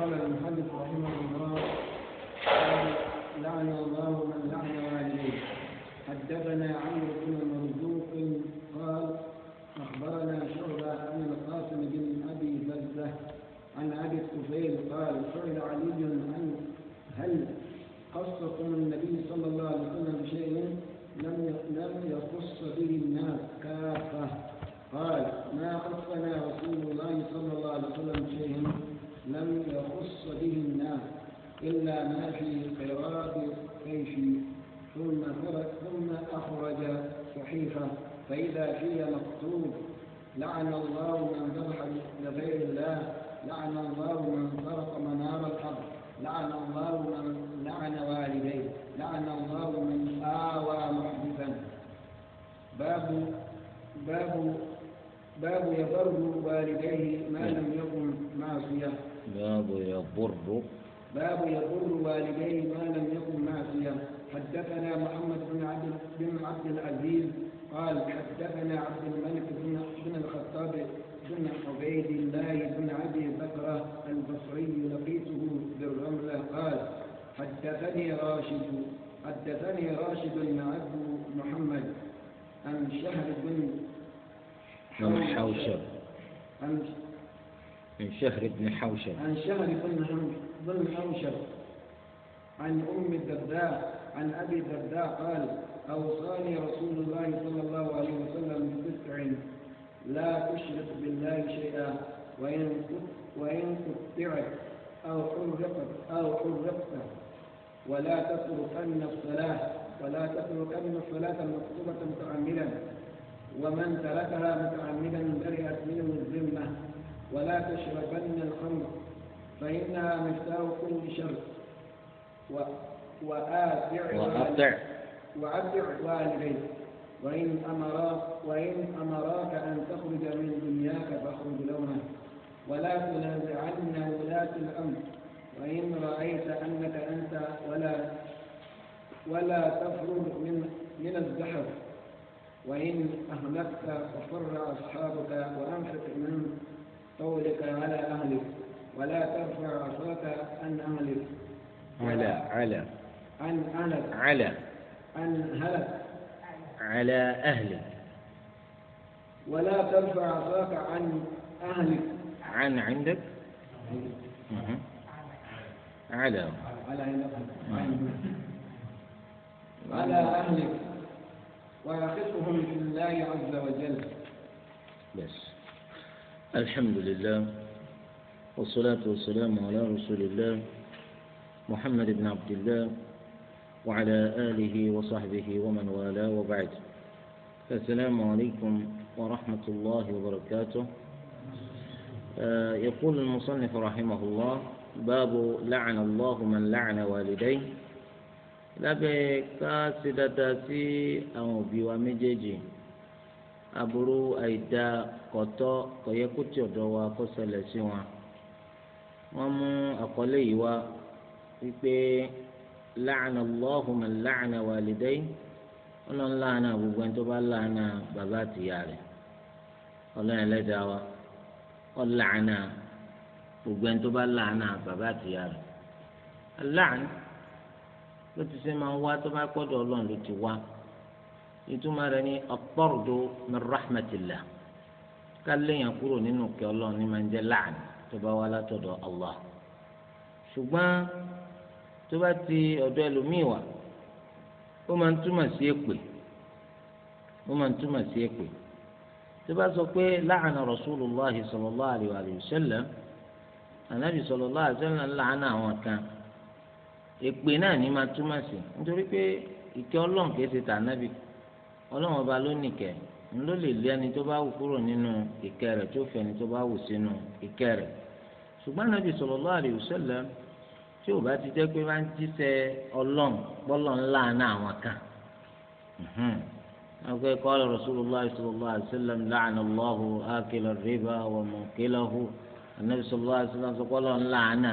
قال المحدث رحمه الله لعن الله من لعن والديه حدثنا عمرو بن مرزوق قال اخبرنا شعبه عن القاسم بن ابي بزه عن ابي الطفيل قال سئل علي عن هل قصكم النبي صلى الله عليه وسلم بشيء لم لم يقص به الناس كافه قال ما قصنا رسول الله صلى الله عليه وسلم شيئا لم يخص به الناس إلا ما في قراب قيش ثم ثم أخرج صحيفة فإذا فيها مكتوب لعن الله من ذبح لغير الله لعن الله من سرق منار الحرب لعن الله من لعن والديه لعن الله من آوى محدثا باب باب باب يضر والديه ما لم يكن معصيه باب يضر باب يضر والديه ما لم يكن معصية حدثنا محمد بن عبد بن عبد العزيز قال حدثنا عبد الملك بن بن الخطاب بن عبيد الله بن ابي بكرة البصري لقيته بالرملة قال حدثني راشد حدثني راشد بن عبد محمد عن شهر بن حوشب عن عن شهر بن حوشب عن شهر بن حوشب عن أم الدرداء عن أبي الدرداء قال أوصاني رسول الله صلى الله عليه وسلم بتسع لا تشرك بالله شيئا وإن وإن قطعت أو حرقت أو حرقت ولا تتركن الصلاة ولا تتركن الصلاة المكتوبه متعمدا ومن تركها متعمدا برئت منه الذمة ولا تشربن الخمر فإنها مفتاح كل شر و... وآتع وأطع وأطع والديك وإن أمراك وإن أمراك أن تخرج من دنياك فاخرج لونها ولا تنازعن ولاة الأمر وإن رأيت أنك أنت ولا ولا تخرج من من الزحف وإن أهلكت وفر أصحابك وأنفق من قولك على أهلك ولا ترفع صوتك عن أهلك على على عن أهلك على عن هلك على أهلك ولا ترفع صوتك عن أهلك عن عندك على على على أهلك ويخصهم لله عز وجل بس الحمد لله والصلاة والسلام على رسول الله محمد بن عبد الله وعلى آله وصحبه ومن والاه وبعد السلام عليكم ورحمة الله وبركاته آه، يقول المصنف رحمه الله باب لعن الله من لعن والديه لا بكاسدة آه، أو بوامجيجي aburú àìda kọtọ kọyẹkùtì ọ̀dọ̀ wa kó ṣẹlẹ̀ sí wọn wọn mú àkọlé yìí wá wípé láàánà laana láàánà wàlídẹ́yì wọn lọ gbogbo ẹni tó bá láàánà bàbá àtìyá rẹ̀ ọlọ́run wa gbogbo ẹni tó bá láàánà bàbá àtìyá rẹ̀ aláàánà ló ti ṣe máa ń wá tó bá ìtumọ̀ rẹ̀ ní ọ̀pọ̀rọ̀dọ̀ min rahmatillah kálẹ̀yìn kúrò nínú kẹ́ ọlọ́run ní máa ń jẹ́ láàánú tó bá wá látọ̀dọ̀ Allah ṣùgbọ́n tó bá ti ọ̀dọ̀ ẹlòmíì wá ó máa ń túmọ̀ sí èpè ó máa ń túmọ̀ sí èpè tó bá sọ pé láàánú Rasulullahi sallallahu alaihi wa sallam ànábì sallallahu alaihi wa sallam láàánú àwọn kan èpè náà ní máa túmọ̀ sí nítorí pé ìkẹ́ ọlọ́run kìí ṣe tà ànábì kù ọlọ́run ọba ló nìkẹ́ ń ló lè lé ẹni tó bá wù kúrò nínú ìkẹ́ rẹ̀ tó fẹ́ ẹni tó bá wù sínú ìkẹ́ rẹ̀ ṣùgbọ́n nàbì tí bá ti jẹ́ pé máa ń jíṣẹ́ ọlọ́run gbọ́lọ̀ ńlá náà àwọn kan la'ana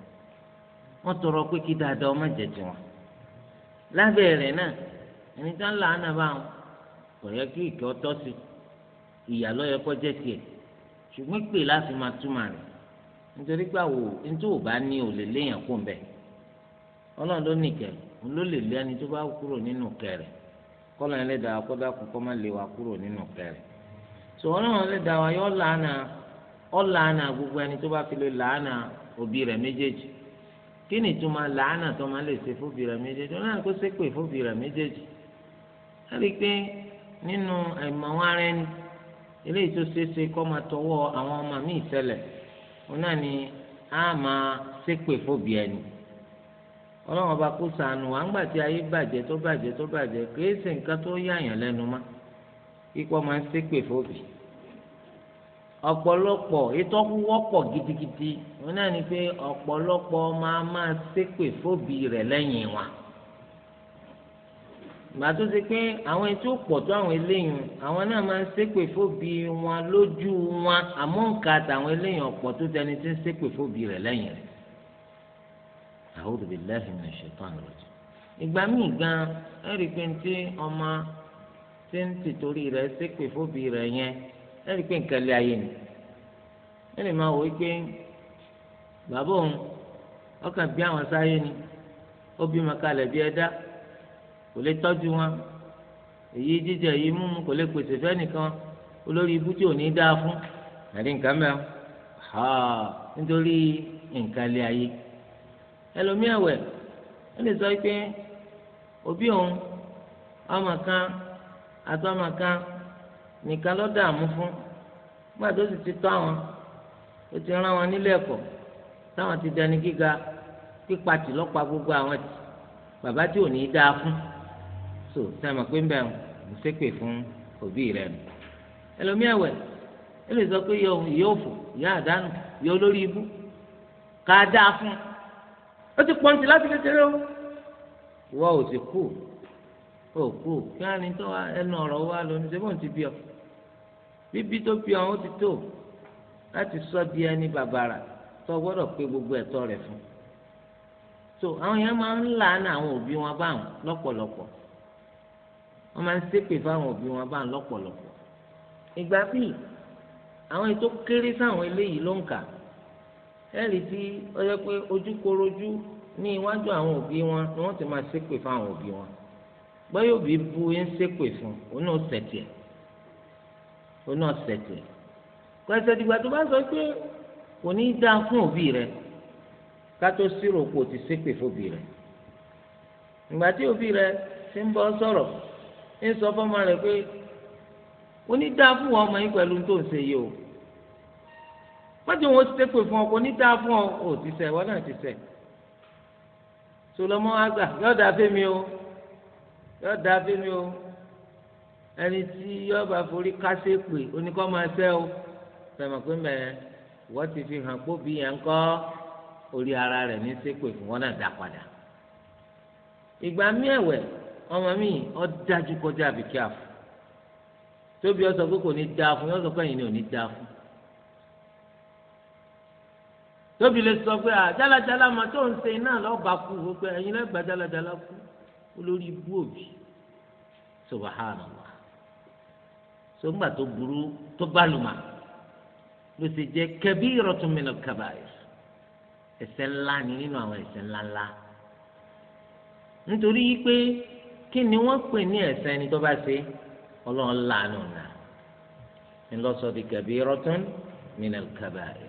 wọ́n tọrọ pé kí dáadáa ọmọ jẹjẹ wọn lábẹ́ rẹ̀ náà ẹni tó ń là á nà bá wọn kò yẹ kí ìkẹ́ ọ sí ìyà ṣùgbọ́n pè láti máa túmọ̀ rẹ̀ nítorí pé ntí ò bá ní òlè léèyàn kó ń bá kúrò nínú yẹn lè dá wa kó wa kúrò nínú lè dá wa yọ làánà gbogbo ẹni tó bá fi lè làánà kí ni ìtumọ̀ làánà tó máa lè ṣe fóbi rẹ̀ méjèèjì ọ̀nà kó ṣépè fóbi rẹ̀ méjèèjì á rí i pé nínú ẹ̀mọ́ ara ẹni eléyìí tó ṣe kọ́ máa tọwọ́ àwọn ọmọ mi ìṣẹ̀lẹ̀ ọ̀nà ni á máa ṣépè ẹni ọlọ́run ọba kó sànù wà ńgbà tí ayé bàjẹ́ tó bàjẹ́ tó bàjẹ́ kìí ṣe nǹkan tó yàyàn lẹ́nu mọ́ kíkọ́ máa ọ̀pọ̀lọpọ̀ ètò wọ́pọ̀ gidigidi wọn náà ni pé ọ̀pọ̀lọpọ̀ máa máa ṣépè fóbi rẹ̀ lẹ́yìn wa gbà tó ṣe pé àwọn etí ó pọ̀ tó àwọn eléyìn àwọn náà máa ń ṣépè fóbi wọn lójú wọn àmọ́ nǹka àtàwọn eléyìn ọ̀pọ̀ tó tẹni tí ń ṣépè fóbi rẹ̀ lẹ́yìn rẹ̀ a'udhu billahi minash shaitanir rajim ìgbà míì gan ẹ̀rí pé ní ọmọ tí ń tìtorí rẹ̀ ṣépè fóbi rẹ̀ yẹn ẹni pé nǹkan lé ayé ni ẹni máa wò ó pé bàbá òun ọkàn bí àwọn sáyé ni ó bí wọn kalẹ̀ bí ẹ̀dá kò lè tọ́jú wọn èyí jíjẹ èyí mímu kò lè pèsè fẹ́nìkan olórí ibú tí ò ní dáa fún àti nǹkan mẹ́rin ha nítorí nǹkan lé ayé ẹlòmíì ẹ̀wẹ̀ ó lè sọ pé òbí òun ọmọ kan àti ọmọ kan. nìkan ló dààmú fún nígbà tó sì ti tọ́ àwọn ti rán wọn nílé ẹ̀kọ́ táwọn ti dẹni gíga pípa tì lọ́pàá gbogbo àwọn tì bàbá tí ò ní í dáa fún so sẹ́mi pé ń bẹ̀ ń fún òbí rẹ̀ nù sọ pé ìyá òfò ìyá àdánù ìyá olórí ibú ká dáa fún ó ti o ò sì kú ò kú kí á ní wa lónìí ṣé bóun bíbí tó bí ọ̀hún ti tó láti sọ di ẹni bàbàrà tó gbọ́dọ̀ pé gbogbo ẹ̀tọ́ rẹ̀ fún so àwọn yẹn máa ń làánà àwọn òbí wọn báwọn lọ́pọ̀lọpọ̀ wọ́n máa ń ṣépè fáwọn òbí wọn báwọn lọ́pọ̀lọpọ̀ ìgbà bíi àwọn ètò kéré sáwọn eléyìí ló ń kà ẹ̀rí tí ó yẹ pé ojúkorojú ní iwájú àwọn òbí wọn ni wọ́n ti máa ṣépè fáwọn òbí wọn gbọ́yọ̀ òbí bu ń ṣépè fún òun náà ṣẹ̀tì ẹ̀ ó náà ṣètò ẹ̀ pẹ̀sẹ̀ dìgbà tó bá sọ pé kò ní í dáa fún òbí rẹ̀ ká tó sírò kó o ti ṣépè fóbi rẹ̀ ìgbà tí òbí rẹ̀ ti ń bọ́ sọ̀rọ̀ ń sọ fọ́mọ rẹ̀ pé kò ní í dáa fún ọmọ yín pẹ̀lú tó ń ṣe yìí o pẹ́ẹ́tì wọn ti ṣépè fún ọ kò ní í dáa fún ọ ò ti ṣẹ̀ wọ́n náà ti ṣẹ̀ solomọ agba yọ̀ọ́ dáa fẹ́mi o yọ̀ọ́ dáa fẹ́mi o ẹni tí yọba forí kásẹ̀ pè oníkọ́ máa sẹ́ o sẹ́mi pé mẹ́ wọ́n ti fi hàn pé bí yẹn ń kọ́ orí ara rẹ̀ ní sẹ́pè fún wọn náà dá padà. ìgbà mí ẹ̀wẹ̀ ọmọ mi ọ dájú kọjá àbíkí àfọ tóbi ọ pé kò ní dáa fún yọ sọ pé ẹ̀yin ni ò ní dáa fún. tóbi lè sọ pé àjálàjálà máa tó ń ṣe náà lọ́ọ́ kú gbogbo ẹ̀yin lẹ́gbàá jálàjálà kú olórí ibú òbí subahánàlá sọgbà tó burú tó gbàlùmà ló ti jẹ kẹbí ìrọtún mìíràn kàbáyé ẹ̀ṣẹ̀ ńlá ni nínú àwọn ẹ̀ṣẹ̀ ńlá ńlá nítorí pé kí ni wọ́n pè ní ẹ̀ṣẹ̀ ẹni tó bá ṣe Ọlọ́run làánú nà ńlọsọ di kẹbí ìrọtún mìíràn kàbáyé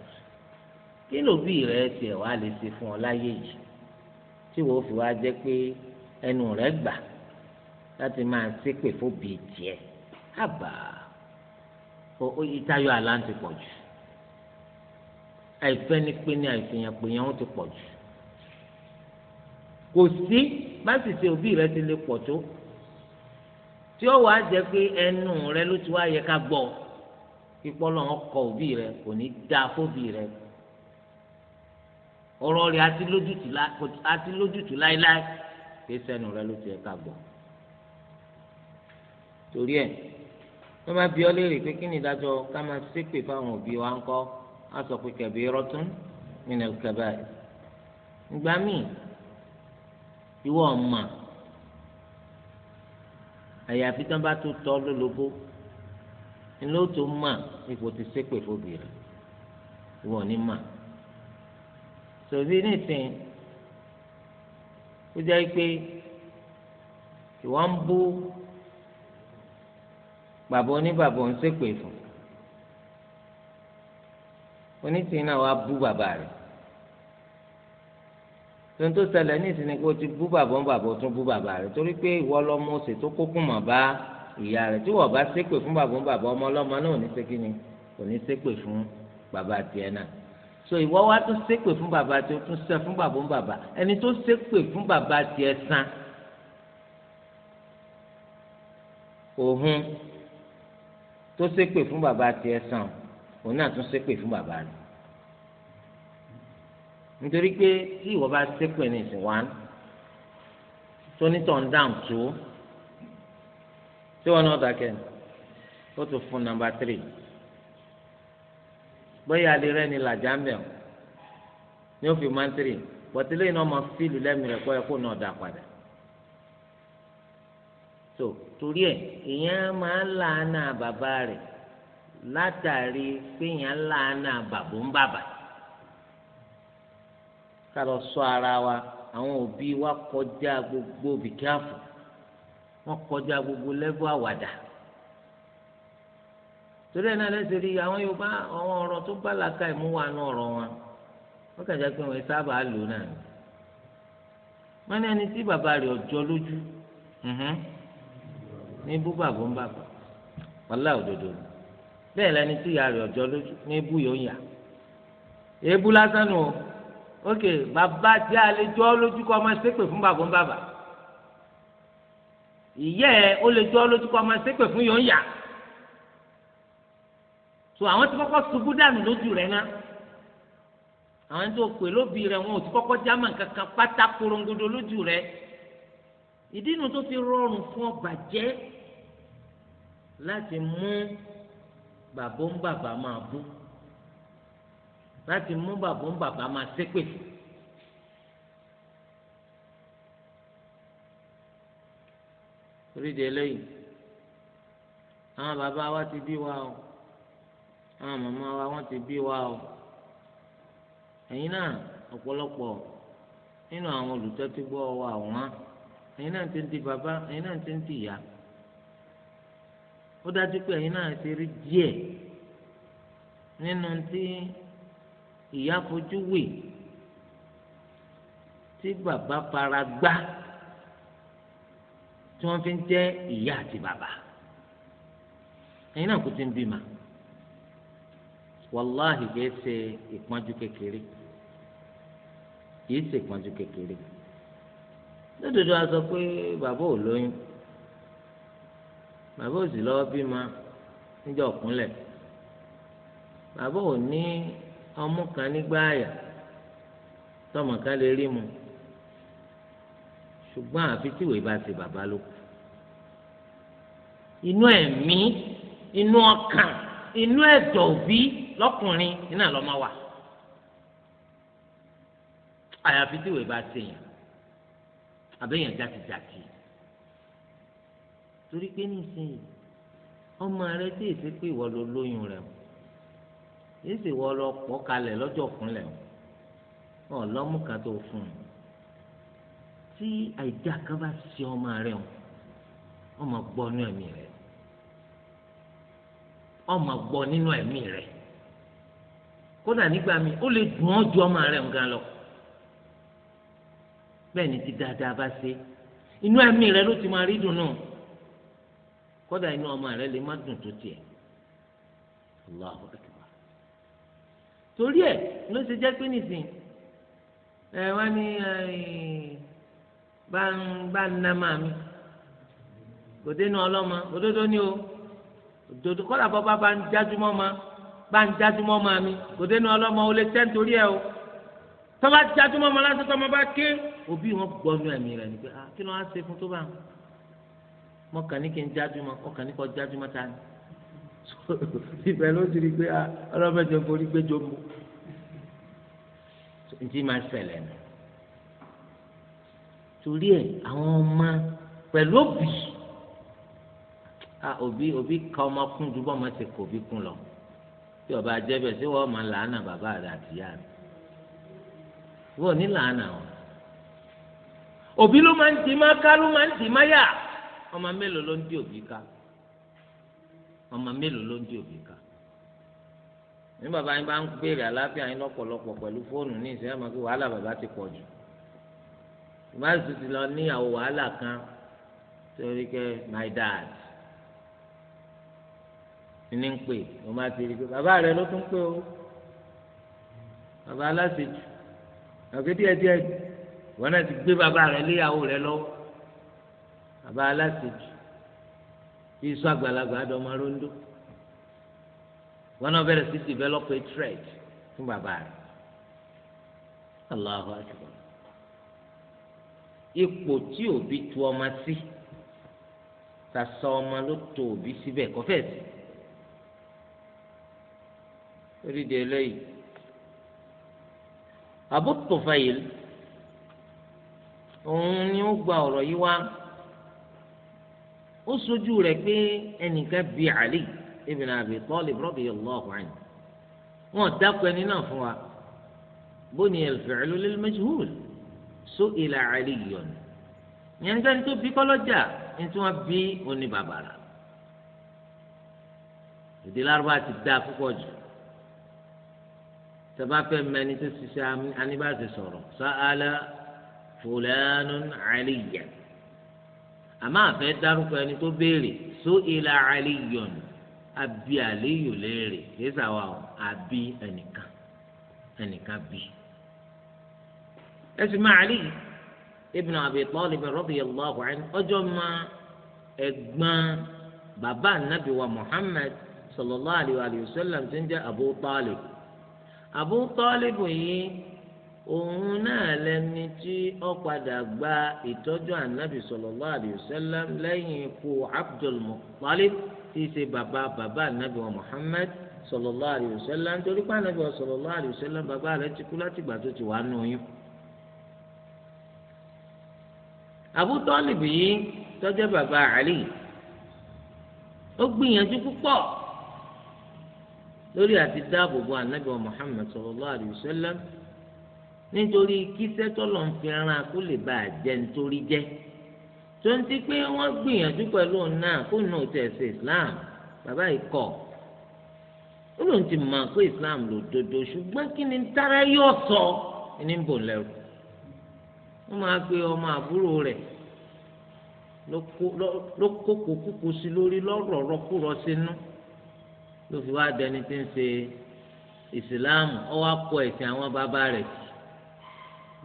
kí ló bí rẹ tiẹ̀ wá lè ṣe fún ọ láyé yìí tí wọ́n fi wá jẹ́ pé ẹnu rẹ gbà láti máa ṣépè fóbi tiẹ̀ àbá ó yí táyọ àlá ti pọ̀ jù àìfẹ́ ni pé ní àìfihàn pé yẹn ó ti pọ̀ jù kò sí bá sì ṣe òbí rẹ ti lè pọ̀ tó tí ó wàá jẹ́ pé ẹnu rẹ ló ti wá yẹ ká gbọ́ pípọ́ lọ́wọ́ kọ òbí rẹ kò ní dá fóbì rẹ ọ̀rọ̀ rẹ àti lójútùú láéláé pé sẹ́nu rẹ ló ti yẹ ká gbọ́ torí ẹ̀ wọ́n bá bi ọ́ léèrè pé kí ni ìdájọ́ ká máa ṣépè fáwọn òbí wa ń kọ́ á sọ pé kẹ̀bí rọ́tún nínú kẹ̀bá ẹ̀. ìgbà míì ìwọ ọ̀ma àyàfi tán bá tó tọ́ lólobó ni ló tó mà ipò ti ṣépè fóbi rẹ̀ ìwọ ní mà. sòbí nìsín ó jẹ́ pé ìwọ́n ń bú bàbá oníbàbá ń ṣépè fún onítìyín náà wàá bú bàbá rẹ̀ tonto ṣẹlẹ̀ ní ìsinmi pé o ti bú bàbá ń bàbá o tún bú bàbá rẹ̀ torí pé ìwọ lọmọ ọsẹ tó kókùn mọ bá ìyá rẹ̀ tí wọ́n bá ṣépè fún bàbá ń bàbá ọmọ ọlọ́mọ náà ò ní ṣe kíni kò ní ṣépè fún bàbá tiẹ̀ náà so ìwọ wa tún ṣépè fún bàbá tiẹ̀ tún ṣe fún bàbá ń bàbá ẹni tó ṣépè fún bàbá tiẹ̀ san òhun tó ṣépè fún bàbá tiẹ̀ sàn òun náà tún ṣépè fún bàbá rẹ̀ nítorí pé tí ìwọ bá ṣépè ní ìsìn wá tónítọ̀ ń dáhùn tó tí wọn náà dákẹ́ ó tún fún nàmbà tírì bóyá alẹ́ rẹ ni làjà ń bẹ̀ ni ó fi máa ń tírì bọ̀tí lẹ́yìn máa fíìlù lẹ́mìí rẹ̀ kọ́ ẹ kó náà dá padà. so torí ẹ èèyàn máa ń làánà bàbá rẹ látàrí pé èèyàn làánà bàbá ń bàbà ká lọ sọ ara wa àwọn òbí wa kọjá gbogbo bìkẹ́àfù wọn kọjá gbogbo lẹ́gbọ́ àwàdà torí ẹ̀ náà lẹsẹ rí àwọn Yorùbá àwọn ọ̀rọ̀ tó bá làákà ìmúwà náà ọ̀rọ̀ wọn Wọ́n kàn jẹ pé wọn sábà lò náà wọn ní ẹni tí bàbá rẹ ọjọ́ lójú. Mhm. ní bú bàbá ń bàbá wàhálà òdodo ni bẹ́ẹ̀ lẹni tí ìyá rẹ̀ ọjọ́ lójú ní bú yóò yà èébú lásán nù o ok bàbá jẹ́ àlejò lójú kọ́ ọmọ ṣépè fún bàbá ń bàbá ìyá ẹ ó lè jọ́ lójú kọ́ ọmọ ṣépè fún yóò yà so àwọn tí kọ́kọ́ ṣubú dànù lójú rẹ̀ náà àwọn tó pè lóbi rẹ wọn ò ti kọ́kọ́ jámà kankan pátá korongodo lójú rẹ ìdí inú tó fi rọrùn fún ọgbà jẹ́ láti mú bàbá ń bàbá máa bú láti mú bàbá ń bàbá máa ṣépè. orídìí eléyìí àwọn bàbá wa ti bí wa o àwọn màmá wa wọ́n ti bí wa o ẹ̀yin náà ọ̀pọ̀lọpọ̀ nínú àwọn olùtọ́jú gbọ́ wa wọ́n ẹ̀yin náà ti ń di bàbá ẹ̀yin náà ti ń di ìyá ó dájú pé ẹ̀yin náà ti rí díẹ̀ nínú tí ìyá fojú wì tí bàbá fara gbá tí wọ́n fi ń jẹ́ ìyá àti bàbá ẹ̀yin náà kò ti ń bímọ wàláhì kìí ṣe ìpọ́njú kékeré kìí ṣe ìpọ́njú kékeré lódodo a sọ pé bàbá ò lóyún bàbá òsì lọ́wọ́ bímọ níjọ́ kúnlẹ̀ bàbá ò ní ọmú kan nígbà àyà tọmọ kan lè rí mu ṣùgbọ́n àfi tíwèé bá ṣe bàbá ló kù inú ẹ̀mí inú ọkàn inú ẹ̀dọ̀ òbí lọ́kùnrin iná lọ́mọ wà àyàfi tíwèé bá ṣe yàn àbẹ̀yàn jàtìjàtì torí pé nísìnyí ọmọ rẹ tí èsì pé ìwọ ló lóyún rẹ o èsì ìwọ lọ pọ̀ kalẹ̀ lọ́jọ́ kúnlẹ̀ o ọlọ́mú kan tó fún un tí àìdá kan bá ṣe ọmọ rẹ o ọmọ gbọ́ nínú ẹ̀mí rẹ ọmọ gbọ́ nínú ẹ̀mí rẹ kódà nígbà mi ó lè dùn ọ́ ju ọmọ rẹ nǹkan lọ bẹ́ẹ̀ ti dáadáa bá ṣe inú ẹ̀mí rẹ ló ti máa rí dùn náà kódà inú ọmọ rẹ lè má dùn tó tiẹ̀ Allahu akbar torí ẹ ló ṣe jẹ́ pé nìsín ẹ wá ní bá ń ná máa mi kò dénú ọlọ́mọ òdodo ni o òdodo kọ́lá bọ́bá bá ń jájúmọ́ ma bá ń jájúmọ́ ma mi kò dénú ọlọ́mọ o lè tẹ́ nítorí ẹ o tọ́ba jájúmọ́ ma lásán tọ́mọ bá ké òbí wọn gbọ́nú ẹ̀mí rẹ̀ ni pé ah, kí ló wá ṣe fún tó bá ń mọkàn ní kí n jájúmọ ọkàn ní kọ jájúmọ ta ni ibẹ̀ ló ti rí pé ah, ọlọmọdé forí gbé jombo ntí máa ṣẹlẹ̀ nù torí ẹ àwọn ọmọ pẹ̀lú òbí ah, òbí òbí ka ọmọ kún ju bọ́ ọmọ ti kò bí kún lọ tí ọba jẹbẹ tí wọn máa làánà bàbá rẹ àtìyá rẹ wọn ní làánà wọn òbí ló máa ń dì má ká ló máa ń dì má yà ọmọ mélòó ló ń di òbí ká ọmọ mélòó ló ń di òbí ká ní bàbá yín bá ń béèrè àlàáfíà yín lọ́pọ̀lọpọ̀ pẹ̀lú fóònù ní ìṣẹ́ àmọ́ pé wàhálà bàbá ti pọ̀ jù ìbáṣepọ̀ ti lọ níyàwó wàhálà kan torí kẹ́ my dad ní ń pè mo máa ti rí i pé bàbá rẹ ló tún pè ó bàbá aláṣejù àgbẹ̀díẹ̀díẹ̀ wọn náà ti gbé bàbá rẹ léyàwó rẹ lọ́wọ́ àbá aláṣejù iṣu àgbàlagbà àdọmọ rondo wọn náà sí develop a thread fún bàbá rẹ̀ Allahu akbar ipò tí òbí tu ọmọ sí sàṣà ọmọ ló tó òbí síbẹ̀ kọfẹ́ sí lórí de eléyìí Abu Tufail òun ni ó gba ọ̀rọ̀ yìí wá ó sojú rẹ̀ pé ẹnìkan bíi Ali ibn Abi Talib radiyallahu anhu wọn dákọ ẹni náà fún wa bóni al-fi'lu lil-majhul su'ila Aliyyun yẹn nígbà tó bí kọlọjà nítorí wọn bí oní bàbàrà èdè lárúbá ti dáa púpọ̀ jù tẹ́bá fẹ́ tó ṣiṣẹ́ aníbàṣẹ sọ̀rọ̀ sa'ala fulanun Aliyyan àmọ́ àfẹ́ dárúkọ ẹni tó béèrè só ilà àlìyọ̀nù àbí àlìyò léèrè yéésà wa ò àbí ẹnìkan ẹnìkan bí. ẹ sì máa àlì ibn Abi Talib radiyallahu anhu ọjọ́ máa ẹ̀gbọ́n bàbá ànábì wa Muhammad sallallahu alayhi wa sallam ti ń jẹ́ Abu Talib Abu Talib yìí. òun náà lẹni tí ó padà gba ìtọ́jú ànábì sallallahu alaihi wasallam lẹ́yìn ikú Abdul Muttalib tí í ṣe bàbá bàbá ànábì wa Muhammad sallallahu alaihi wasallam nítorí pé ànábì wa sallallahu alaihi wasallam bàbá rẹ̀ ti kú láti ti Ali ó gbìyànjú púpọ̀ lórí àti dáàbò bo ànábì wa Muhammad nítorí kíṣẹ́ tọ́lọ̀ ń fi ran kó lè bá a jẹ nítorí jẹ́ tó ń ti pé wọ́n gbìyànjú pẹ̀lú òun náà kó nù ó tẹ̀ sí Islam bàbá yìí kọ̀ ó lóun ti mọ̀ pé Islam ló dodo ṣùgbọ́n kí ni tára yóò sọ ní bò lẹ́rù wọ́n máa gbé ọmọ àbúrò rẹ̀ ló kókò kúkú sí lórí lọ́rọ̀ rọ́kúrọ́ sínú ló fi wá dẹni tí ń ṣe ìsìláàmù ọwọ́ akọ ẹ̀sìn àwọn bàbá rẹ̀ sí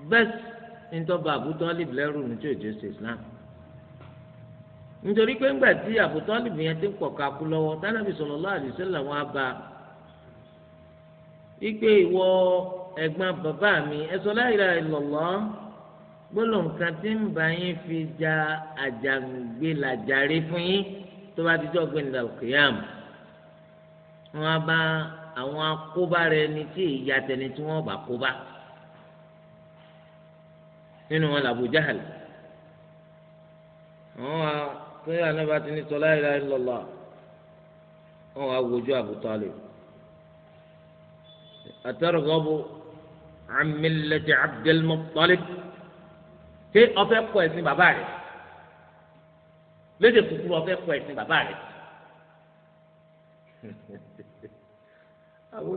bẹ́ẹ̀ ntọ́ba àbútọ́lìb lẹ́rù ní tí òjò ṣe islam nítorí pé ńgbà tí àbútọ́lìb yẹn ti ń pọ̀ kakú lọ́wọ́ tánàbì sallallahu alaihi wasallam wọn á ba wípé ìwọ ẹ̀gbọ́n bàbá mi ẹ sọ la ilaha illallah gbólóǹkan tí ń bá yín fi ja àjàngbélàjàre fún yín tó bá ti jọ gbẹ̀ndà òkèèyàn wọn á bá àwọn akóbá rẹ ní tí ìyá tẹni tí wọn bá kóbá nínú wọn làbù jahal àwọn wa pé anábà ti ní sọlá ìlà ìlọlọ wọn wá wojú Abu Talib àtàrọgọbù amílẹtì Abdul Muttalib ṣé ọfẹ kọ ẹsìn bàbá rẹ lédè kúkúrú ọfẹ kọ ẹsìn bàbá rẹ Abu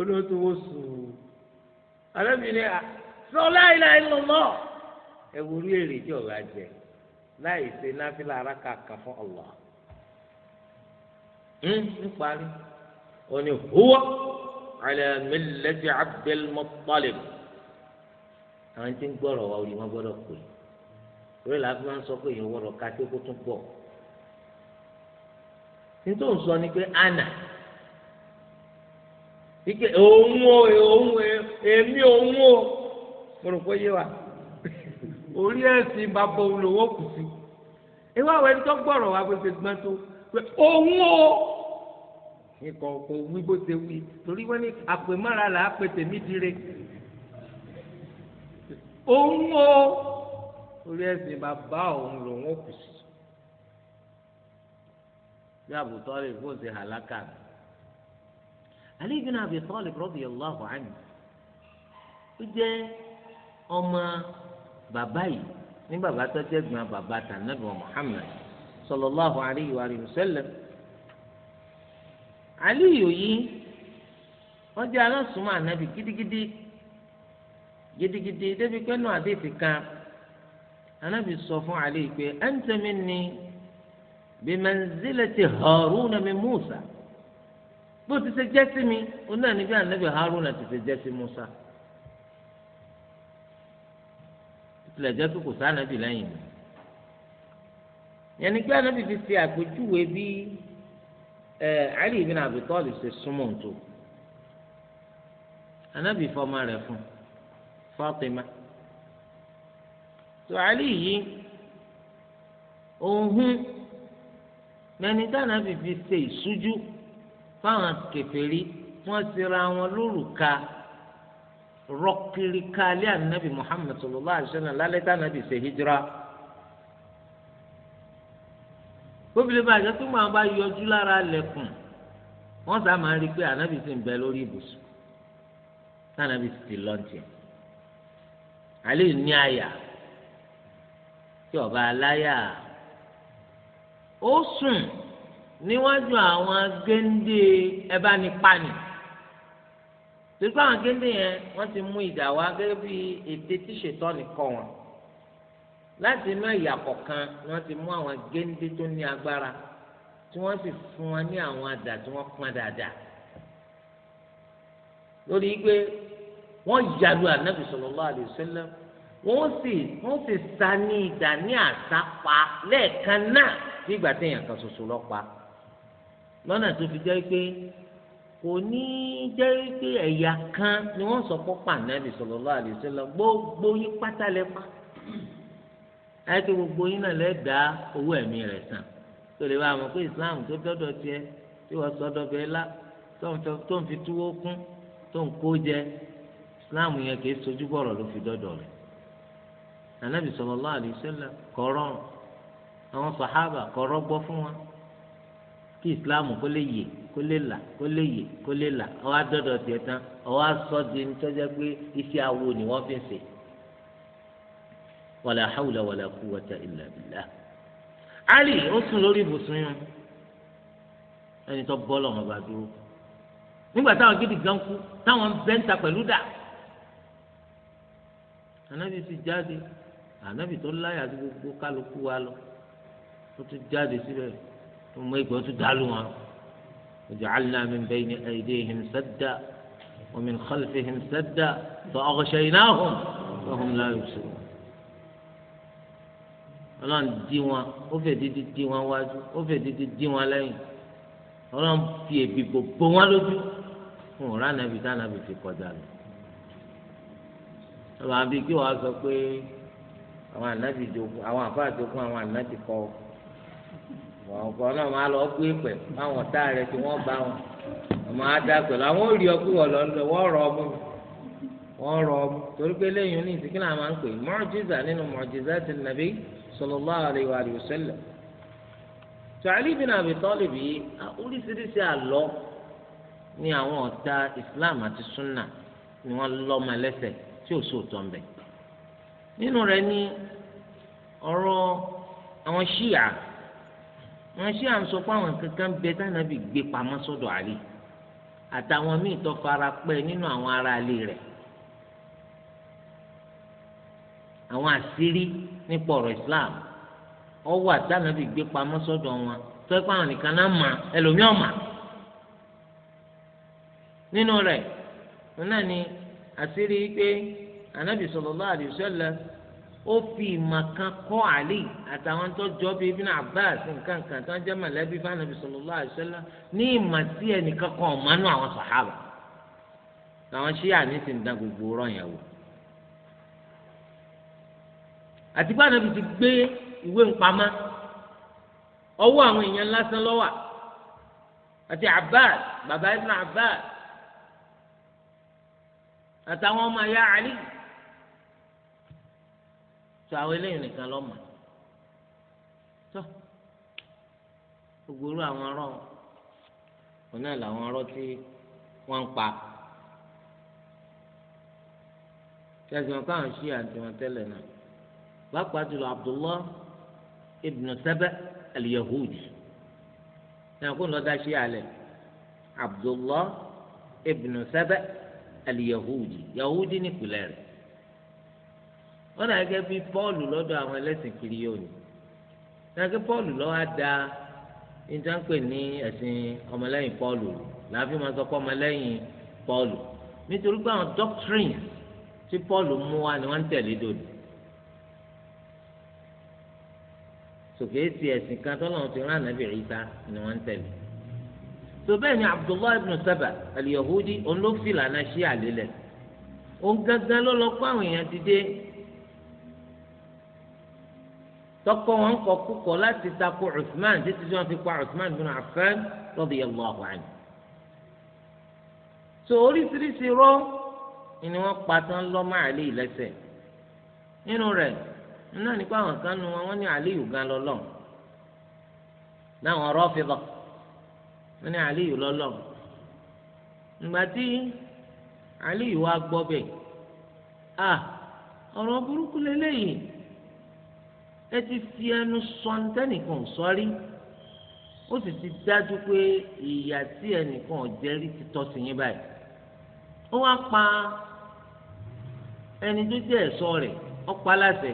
olóòtú wosùn alẹ́ mi ni a sọ láìláì lọlọ ewúrú èrè tí ọba jẹ láì ṣe náfìlà araka kan fún ọlọ ń parí ó ní huwa ala millati Abdul Muttalib àwọn tí ń gbọ́rọ̀ wa orí wọn gbọ́dọ̀ pè orí làá fi máa ń sọ pé èèyàn wọ̀rọ̀ ká tí ó tún pọ̀ nítorí òun sọ ni pé ana ike òun o òun èmi òun o kóró kó yé wa orí ẹ̀sìn bàbá òun lòwó kù sí ewu àwọn ẹni tó gbọ́rọ̀ wa gbèsè gbọ́n tó pé òun o ikọ̀ kò wí bó ṣe wí torí wọ́n ní àpèmọ́ra là á pè tèmi dire òun o orí ẹ̀sìn bàbá òun lòwó kù sí bí àbùtọ́ rẹ̀ kó ṣe hàlákà mi. Ali bin Abi Talib radiyallahu anhu ó jẹ́ ọmọ bàbá yìí ní bàbá tó jẹ́ gbọ́n bàbá tànàbí Muhammad sallallahu alayhi wa sallam aliyu yìí wọ́n jẹ́ alásùnmọ́ ànábì gidigidi gidigidi débi pé nù àdéhìí kan ànábì sọ fún aliyu pé anta minni bi manzilati Haruna min Musa bó ti ṣe jẹ́ sí mi ó níbi ànábì Haruna ti ṣe jẹ́ sí Musa. tilẹ̀ jẹ́ tó kò sí ànábì lẹ́yìn mi yẹnni pé ànábì fi ṣe àpèjúwe bí ẹ Ali ibn Abi Talib ṣe súnmọ́ ntò ànábì fọmọ rẹ̀ fún Fatima tó Ali yìí òhun mẹni tànábì fi ṣe ìṣújú fáwọn kèfèrí wọ́n ti ra wọn lórúka rọkìrìkàlẹ́ ànábì Muhammad sallallahu alaihi wasallam lálẹ́ tá ànábì ṣe hijira gbóbìlẹ̀ bá àjọ tó máa bá yọjú lára lẹ́kùn wọ́n sá máa rí i pé ànábì sì ń bẹ lórí ibùsùn ànábì sì ti lọ́ọ̀tì àlẹ́ ní àyà tí ọba aláyà ó sùn níwájú àwọn géńdé ẹbánipáni. E torípé àwọn géńdé yẹn wọ́n ti mú ìdà wá gẹ́gẹ́ bí ète tí ṣètọ́ nìkọ́ wọn láti inú ẹ̀yà kọ̀ọ̀kan ni wọ́n ti mú àwọn géńdé tó ní agbára tí wọ́n sì fún wọn ní àwọn àdà tí wọ́n pọn dáadáa lórí pé wọ́n yàlu ànábì sallallahu alaihi wasallam wọ́n sì wọ́n sì sa ní ìdà ní àsápa lẹ́ẹ̀kan náà bí ìgbà téèyàn kan ṣoṣo lọ pa lọ́nà tó fi jẹ́ pé kò ní jẹ́ pé ẹ̀yà kan ni wọ́n sọ pé pàǹdàbì sallallahu alaihi wasallam gbogbo yín pátá lẹ́pà àyẹ̀kẹ́ gbogbo yín náà lẹ́dà owó ẹ̀mí rẹ̀ sàn tó lè bá a pé Islam tó dọ́dọ̀ tiẹ̀ tí wọ́n sọ́dọ̀ bẹ́ẹ̀ lá tó ń fi túwó kún tó ń kó jẹ Islam yẹn kì í sojú bọ̀rọ̀ ló fi dọ́dọ̀ rẹ̀ ànábì sallallahu alaihi wasallam kọ̀ọ̀rọ̀ àwọn sàhábà kọ̀ọ̀rọ̀ gbọ́ fún wọn kí Islam kó lè kó lè là kó lè yè kó lè là ọwọ adọdọ tiẹ̀ tán ọwọ asọ di nítọjá pé iṣẹ́ awo ni wọ́n fi ń ṣe. wàlà hàwùlà wàlà quwwata illa billah. ali ó sùn lórí ibùsùn yẹn ẹni tó bọ́ lọ́wọ́ bá dúró nígbà táwọn gidi gan kú táwọn bẹ́ńtà pẹ̀lú dà anabi ti jáde anabi tó láyà tó gbogbo kálukú wa lọ ó tún jáde síbẹ̀ tó mọ ìgbọ́ tó dálú wọn. وجعلنا من بين أيديهم سدا ومن خلفهم سدا فأغشيناهم فهم لا يبصرون ọlọ́run dí wọn ó fẹ́ dídí dí wọn wájú ó fẹ́ dídí dí wọn lẹ́yìn ọlọ́run fi èbì gbogbo wọn lójú fún ọ̀rá nàbì tá nàbì fi kọjá lọ. ọlọ́run àbí kí wàá sọ pé àwọn ànábì jogún àwọn àfáà jogún àwọn ànábì kọ́ wọn kọ náà máa lọ gbé pẹ báwọn tá rẹ tí wọn bá wọn ọmọ adá pẹ̀lú àwọn òrì ọkú wọn lọ lọ wọn rọ ọmú wọn rọ ọmú torí pé lẹ́yìn ní ìsìnkí náà máa ń pè mọjìzà nínú mọjìzà ti nàbí sallallahu alaihi wa alihi wasallam. Ali bin Abi Talib bíi oríṣiríṣi àlọ́ ní àwọn ọ̀tá Islam àti sunna ni wọ́n lọ́mọ ẹlẹ́sẹ̀ tí ò sóòtọ́ ń bẹ̀. nínú rẹ̀ ní ọ̀rọ̀ àwọn ṣíyà wọn ṣé à ń kankan bẹ tánàbì gbé pamọ́ sọ́dọ̀ àlè àtàwọn míì tó fara pẹ́ nínú àwọn ará ilé rẹ̀ àwọn àṣírí nípa Islam ọwọ́ àtànàbì gbé pamọ́ sọ́dọ̀ wọn tó ẹ pé àwọn nìkan náà mà ẹlòmíràn mà nínú rẹ̀ wọn náà ni àṣírí pé ànábì sallallahu ó fi ìmọ̀ kan kọ́ àlè àtàwọn tó jọ bíi Ibn Abbas nǹkan kan tó ń jẹ́ mọ̀lẹ́bí fanabi sallallahu alaihi wasallam ní ìmọ̀ tí ẹnìkan kan ò mánú àwọn sàhábà àwọn ṣíà ní ti ń dán gbogbo rọ̀ yẹn wò. àtìgbà nàbì ti gbé ìwé ńpamá ọwọ́ àwọn èèyàn lásán lọ́wà àti Abbas bàbá Ibn Abbas àtàwọn ọmọ ya Ali tó àwọn eléyìí nìkan lọ́mọ tó gbogbo àwọn ọ̀rọ̀ wọn náà làwọn ọ̀rọ̀ tí wọ́n ń pa tẹsán káwọn ṣí àtiwọn tẹ́lẹ̀ náà pàápàá jùlọ Abdullah ibn Saba al-Yahudi náà kó lọ́ọ́ dá ṣí àlẹ́ Abdullah ibn Saba al-Yahudi Yahudi nípìnlẹ̀ rẹ̀ wọn náà gẹ́gẹ́ bí Pọ́ọ̀lù lọ́dọ̀ àwọn ẹlẹ́sìn kiri yóò ní gẹ́gẹ́ Pọ́ọ̀lù lọ́wọ́ da ìjànpè ní ẹ̀sìn ọmọlẹ́yìn Pọ́ọ̀lù làáfin máa sọ pé ọmọlẹ́yìn Pọ́ọ̀lù nítorí pé àwọn doctrines tí Pọ́ọ̀lù mú wá ni wọ́n ń tẹ̀lé dòdò sòkèésì ẹ̀sìn kan tọ́lọ́run ti rán ànábì Ìsá ni wọ́n ń tẹ̀lé tòbẹ́ẹ̀ ni Abdullahi ibn Saba al-Yahudi òun ló fìlànà ṣí àlélẹ̀ òun gangan ló lọ kó àwọn èèyàn dìde tọkọ wọn kọ kúkọ láti takò Usman títí tí wọn fi pa Usman bin Affan so oríṣiríṣi rọ ni wọn pa tán lọ́mọ àlè lẹ́sẹ̀ nínú rẹ̀ nínú nípa àwọn kan nu wọn ni ní àlè yògán lọ́lọ́ náwọn Rafida wọn ní àlè yògán lọ́lọ́ ìgbà tí àlè yògán gbọ́ bẹ́ẹ̀ ah, burúkú ẹ ti fi ẹnu sọ nítẹ́nìkan sọ́rí ó sì ti dájú pé ìyà tí ẹnìkan jẹ́rí ti tọ́ sí yín báyìí ó wá pa ẹni tó jẹ́ ẹ̀ṣọ́ rẹ̀ ó pa láṣẹ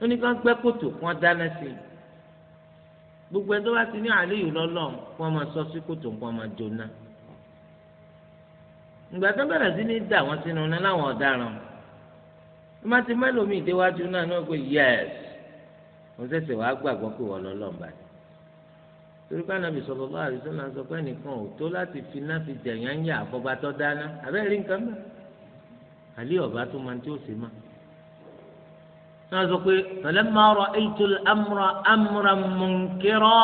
ó ní ká gbẹ́ kòtò kan dáná sí i gbogbo ẹni tó bá ti ní àléyò lọ́lọ́ wọn máa sọ sí kòtò wọn máa jóná ìgbà tó bẹ̀rẹ̀ sí ní dà wọ́n sínú iná láwọn ọ̀daràn má ti má lómi ìdéwájú náà náà pé yẹs mo ṣẹ̀ṣẹ̀ wàá gbàgbọ́ pé wọ́n lọ́lọ́mba ni torí pé ànábì sọ̀rọ̀ bá àrísọ náà sọ pé nìkan ò tó láti fi náà fi jẹ̀yàn yà àfọ̀bá tó dáná àbẹ́rẹ́ nǹkan mọ́ àlẹ́ ọ̀bá tó máa ń tí ó sì máa náà sọ pé falamma ra'aytu al-amra amran munkara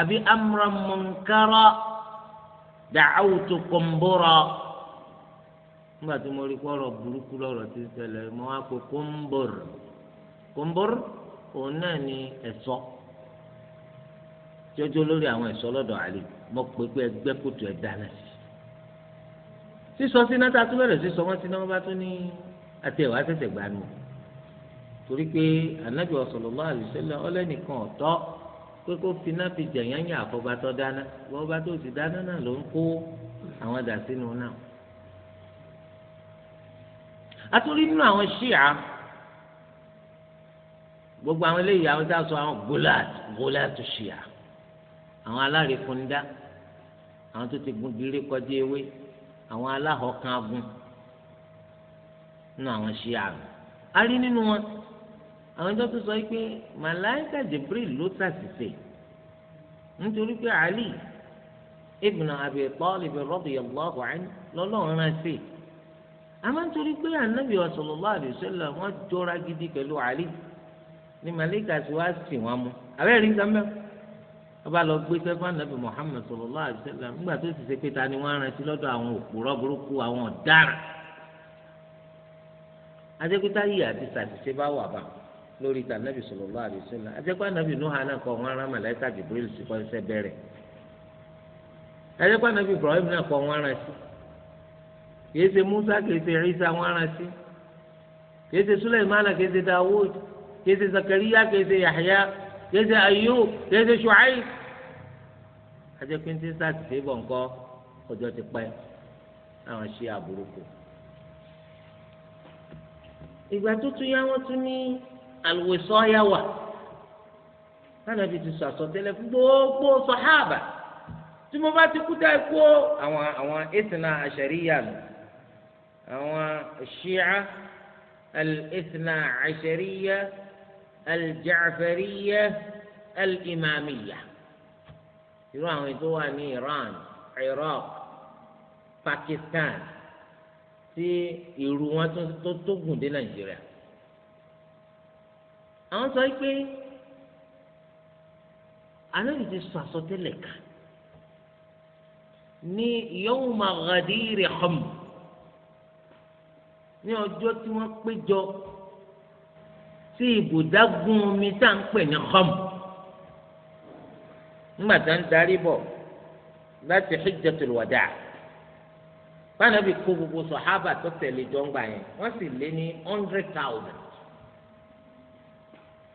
àbí amran munkara da'awtu qumbura nígbà tí mo rí pé ọ̀rọ̀ burúkú lọ̀rọ̀ ti ṣẹlẹ̀ mo wá pé kóńbòr kóńbòr òun náà ni ẹ̀ṣọ́ tí ó jó lórí àwọn ẹ̀ṣọ́ lọ́dọ̀ àlè mo pè pé ẹgbẹ́ kòtò ẹ̀dá náà sí sísọ síná tá a tún bẹ̀rẹ̀ sísọ wọn síná wọn bá tún ní àti ẹ̀wà sẹ̀sẹ̀ gbanú torí pé anabi sallallahu alaihi wasallam ọlẹ́nìkan ọ̀tọ́ pé kó finá fi jẹ̀yán yàn àfọ̀bátọ́ dáná bọ́ọ̀bá tó ti dáná àtúrí nínú àwọn ṣíà gbogbo àwọn eléyìí àwọn tá a sọ àwọn golat golat ṣíà àwọn alárekúndá àwọn tó ti gun gírí kọjá ewé àwọn aláhọ̀kángun nínú àwọn ṣíà rẹ a rí nínú wọn àwọn ìjọ tó sọ pé màláìka Jibril ló ṣàṣìṣe nítorí pé Ali ibn Abi Talib radiyallahu anhu lọ́lọ́run rán sí i àmọ́ nítorí pé ànábì sallallahu alaihi wasallam wọ́n jọra gidi pẹ̀lú àlì ni màlíkà sì wá sì wọ́n mú abẹ́rẹ́ nǹkan mẹ́ wọ́n bá lọ gbé sẹ́fọ́n ànábì Muhammad sallallahu alaihi wasallam nígbà tó ti ṣe pé ta ni wọ́n rántí lọ́dọ̀ àwọn òpùrọ́ burúkú àwọn ọ̀daràn adékútà yìí àti sàtìsẹ́ bá wà bá lórí ta ànábì sallallahu alaihi wasallam adékútà ànábì Nuh náà kìí ṣe Musa kìí ṣe Isa wọn rán sí kìí ṣe Sulaimana kìí ṣe Dawud kìí ṣe Zakariya kìí ṣe Yahya kìí ṣe Ayub kìí ṣe Shuaib ajẹpẹntì sáà ti bọ̀ ńkọ́ ọjọ́ ti pẹ́ àwọn ṣe àbúrúkú. ìgbà tuntun yá wọn tún ní àlùwẹ̀sọ yá wà lánàá fi ti sọ àsọtẹ́lẹ̀ fún gbogbo sàhábà tí mo bá ti kú dá ikú àwọn àwọn ètùnà àṣẹríyà nù. أو الشيعة الاثنى عشرية الجعفرية الإمامية يروحون يتوان إيران عراق باكستان في يروحون تطبون دي نجيريا أنا سأيكي أنا يجي سأسوتي لك ني يوم غدير حمد ní ọjọ́ tí wọ́n péjọ sí ibùdágún omi tá à ń pè ní kham nígbà tá à ń darí bọ̀ láti hijjatul wada báyìí bí kó gbogbo sọ̀hábà tó tẹ̀lé jọ́ngbà yẹn wọ́n sì lé ní hundred thousand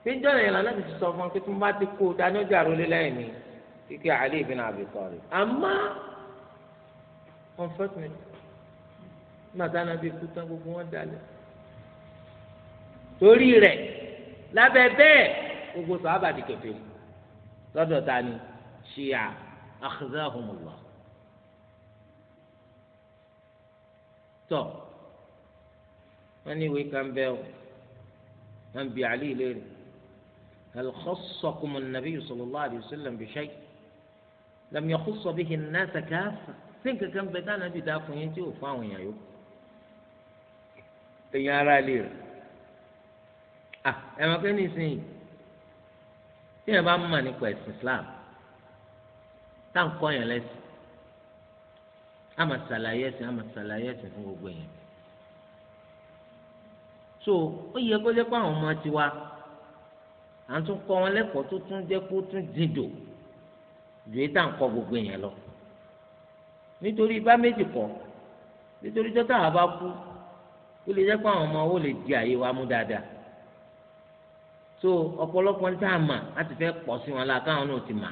péjọ yẹn lọ láti sọ fún ọ pé bá ti kó dání ọjà lẹ́yìn mi kíkẹ́ Ali ibn Abi Talib àmọ́ unfortunately màtá náà bí kú tán gbogbo wọn dalẹ̀ torí rẹ̀ lábẹ́ bẹ́ẹ̀ gbogbo sàhábà di kèfèrí lọ́dọ̀ ta ni ṣìyà akhzahumullah tọ wọn ní ìwé kan bẹ ọ wọn bí alẹ ìlérè هل خصكم النبي صلى الله عليه وسلم بشيء لم يخص به الناس كافة سنك كان بتانا بدافعين تي وفاوين يا يوب èèyàn ara lè rẹ̀ à ẹ̀rọ pé nísìnyí tí yẹn bá ń mọ̀ nípa ẹ̀sìn Islam tá à ń kọ́ yẹn lẹ́sìn á mà ṣàlàyé ẹ̀sìn á mà ṣàlàyé ẹ̀sìn fún gbogbo yẹn so ó yẹ kó jẹ́ pé àwọn ọmọ tiwa à ń tún kọ́ wọn lẹ́kọ̀ọ́ tó tún jẹ́ kó tún dìdò ju èyí tá à ń kọ́ gbogbo yẹn lọ nítorí bá méjì kọ́ nítorí tó táwa bá kú ó lè jẹ́ pé àwọn ọmọ ó lè di àyè wa mú dáadáa so ọ̀pọ̀lọpọ̀ ń tá a mà á ti fẹ́ pọ̀ sí wọn la káwọn náà ti mà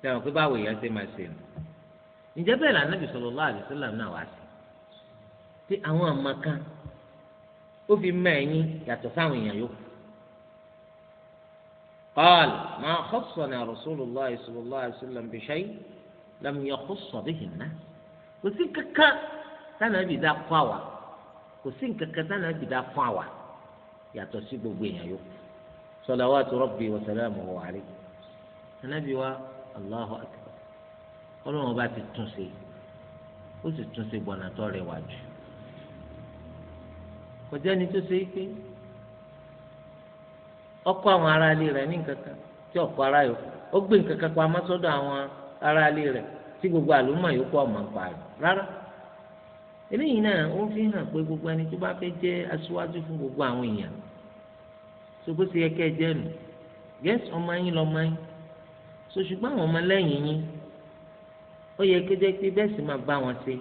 sẹ́wọ̀n pé báwo èèyàn ṣe máa ṣe nù ǹjẹ́ bẹ́ẹ̀ lànàbì sallallahu alaihi wasallam náà wá sí tí àwọn àmà kan ó fi mọ ẹ̀yìn yàtọ̀ sáwọn èèyàn yòókù قال ما خصنا رسول الله صلى الله عليه وسلم بشيء لم يخص به الناس وسكك كان بذا قوى kò sí nǹkan kan tánà gbìdá fún àwa yàtọ̀ sí gbogbo èèyàn yòókù salawatu rabbi wa salamuhu alayhi anábì wa Allahu akbar ọlọ́run ọba ti tún ṣe ó sì tún ṣe gbọ̀nà tó rẹwà jù kò jẹ́ni tó ṣe pé ọkọ àwọn ará ilé ní nǹkan ọkọ ara ó gbé nǹkan kan àwọn gbogbo àlùmọ̀ yòókù ọmọ ń eléyìí náà ó fi hàn pé gbogbo ẹni tó bá fẹ́ jẹ́ aṣíwájú fún gbogbo àwọn èèyàn ṣògbó ti yẹ kẹ́ ẹ jẹ́ nù gẹ́sì ọmọ yín lọ́mọ yín so ṣùgbọ́n àwọn ọmọ lẹ́yìn yín ó yẹ kó jẹ́ pé bẹ́ẹ̀ sì máa bá wọn ṣe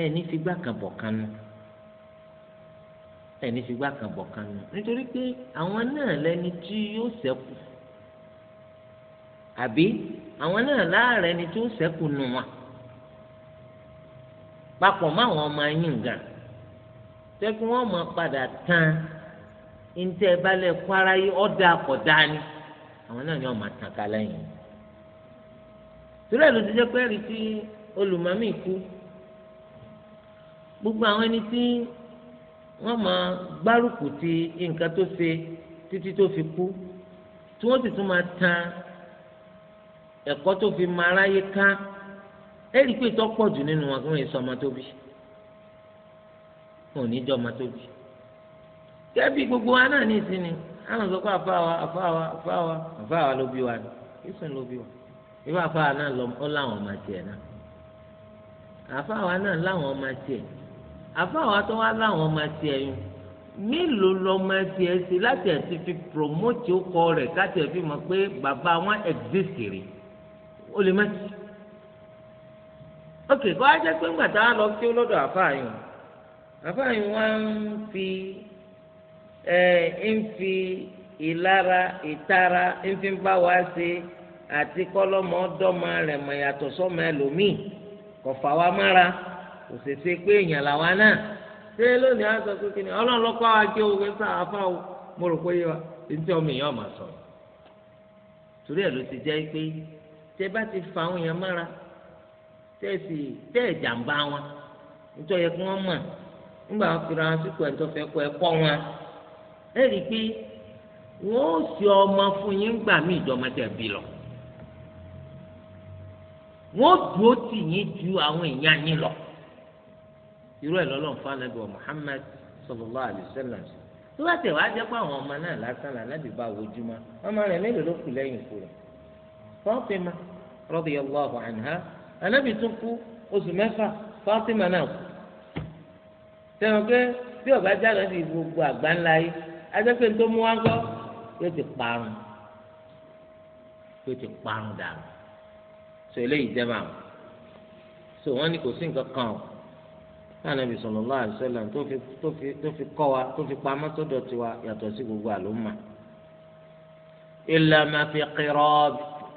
ẹ ní figbá kan bọ̀ kan nù ẹ ní figbá kan bọ̀ kan nù nítorí pé àwọn náà lẹni tí yóò ṣẹ́kù àbí àwọn náà láàrẹ̀ ni tí ó ṣẹ́kù nù wọn papọ̀ mọ́ àwọn ọmọ yín gan tẹ́kí wọ́n mọ padà tán ntẹ́ balẹ̀ kó yìí ọ̀dà àkọ́dá ni àwọn náà ni wọ́n máa tàn ká lẹ́yìn. tùrẹ́ ló ti jẹ́ pé rí tí olùmọ̀mí kú gbogbo àwọn ẹni tí wọ́n máa gbárùkù ti nǹkan tó ṣe títí tó fi kú tí wọ́n sì tún máa tan ẹ̀kọ́ tó fi máa ráyé ká ẹ rí i pé tọ́pọ̀ jù nínú wọn kí wọ́n yẹ sọ ọmọ tó bí wọn ò ní jọ ọmọ tó bí kẹ́bí gbogbo wa náà ní ìsinmi àwọn sọ pé àfáwa àfáwa àfáwa àfáwa ló bí wa ni ìsìn ló bí wa ìfọ̀ àfáwa náà lọ ó láwọn ọmọ tiẹ̀ náà àfáwa náà láwọn ọmọ tiẹ̀ àfáwa tó wá láwọn ọmọ tiẹ̀ yìí mélòó lọmọ tiẹ̀ sí láti ẹ̀ ti fi promote ọkọ rẹ̀ káti ẹ̀ fi mọ̀ pé bàbá wọn exist rè ó lè má ok bó a jẹ́ pé gbàtà lọ sí olódò àfààyàn àfààyàn wọn ń fi ẹ ń fi ìlara ìtara ń fi bá wa ṣe àti kọlọmọ dọmọ rẹ̀ mọ sọmọ ẹlòmíì kò fà wá mára kò sì ṣe pé èèyàn làwa náà ṣé lónìí sọ pé kí ni ọlọ́run lọ́kọ́ wa jẹ́ òwe sá àfa o mo rò pé yíwa fa àwọn èèyàn tẹ́ẹ̀sì tẹ́ẹ̀ jàǹbá wọn nítorí yẹ kí wọ́n mọ̀ nígbà wọn fi wọn sípò ẹ̀ tó fẹ́ kọ́ ẹ kọ́ wọn ẹ rí i pé wọ́n ó sì ọmọ fún yín gbà mí lọ wọ́n dúró tì yín ju àwọn èèyàn yín lọ irú ẹ̀ lọ́lọ́run fún anábìwọ Muhammad tó bá tẹ̀ wáá jẹ́ pé àwọn ọmọ náà lásán là ọmọ rẹ̀ mélòó ló kù lẹ́yìn ànábì tún kú oṣù mẹ́fà Fátímà náà kú sẹ́wọ̀n pé bí ọ̀gá jáde ti gbogbo àgbá ńlá yìí adẹ́pẹ́ tó mú wá gbọ́ yóò ti parun yóò ti parun dànù sọ eléyìí jẹ́ báwọn sọ wọ́n ní kò sí nǹkan kan o sànàbì sallallahu alaihi wasallam tó fi tó fi tó fi kọ́ wa tó fi pamọ́ sọ́dọ̀ tiwa yàtọ̀ sí gbogbo àlùmà illa fi qirab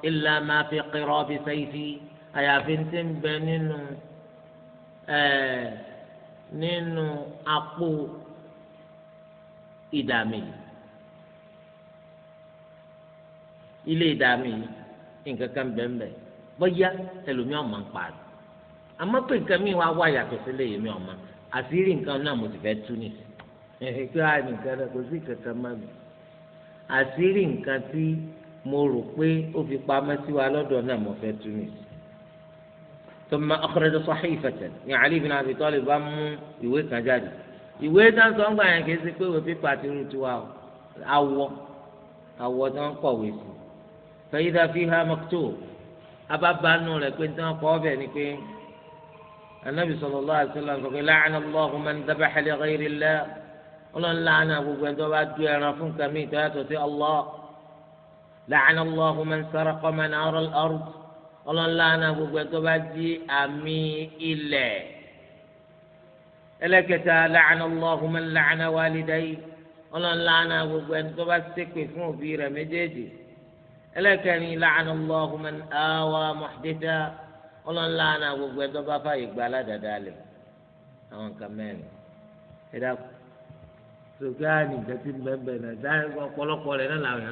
illa ma fi qirab sayfi àyàfi ti ń bẹ nínú nínú apò ìdààmì ilé ìdààmì nǹkan kan bẹ́ẹ̀ bọ́yá ẹlòmíì ọ̀mọ̀ ń parí àmọ́ pé nǹkan mi wá wá yàtọ̀ sílé yèmí ọ̀mọ̀ àṣírí nǹkan náà mo ti fẹ́ tú ní pé a nìkan náà kò sí kankan má mi àṣírí nǹkan tí mo rò pé ó fi pamọ́ sí wa lọ́dọ̀ náà mo fẹ́ tú ní ثم أخرج صحيفة ní Ali bin Abi Talib bá mú ìwé kan jáde ìwé tán sọ ń gbà yẹn kì í ṣe pé òbí pàtí irú tiwa o awọ awọ tí wọn kọwé sí fẹyìdà fi ha mọtò abábánú rẹ pé tí wọn kọ ọbẹ ni pé anabi sallallahu alaihi wasallam sọ pé la'ana Allahu man dhabaha li ghayri Allah Ọlọ́run la'ana gbogbo ẹni tó bá du ẹran fún kàmí tó yàtọ̀ sí Allah la'ana Allahu man saraqa manara al-ard ọlọ́nla náà gbogbo ẹ̀ tó bá di àmì ilẹ̀ ẹlẹ́kẹta làánà allahumma làánà wàlídàyí ọlọ́nla náà gbogbo ẹ̀ tó bá ṣépè fún òbí rẹ̀ méjèèjì ẹlẹ́kẹrin làánà allahumma awa muhditha ọlọ́nla náà gbogbo ẹ̀ tó bá fàyè gba aládàáda lẹ̀ àwọn nǹkan mẹ́rin ẹ dákú ìdẹ́tí bẹ́ẹ̀ náà dáhùn ọ̀pọ̀lọpọ̀ rẹ̀ náà làwọn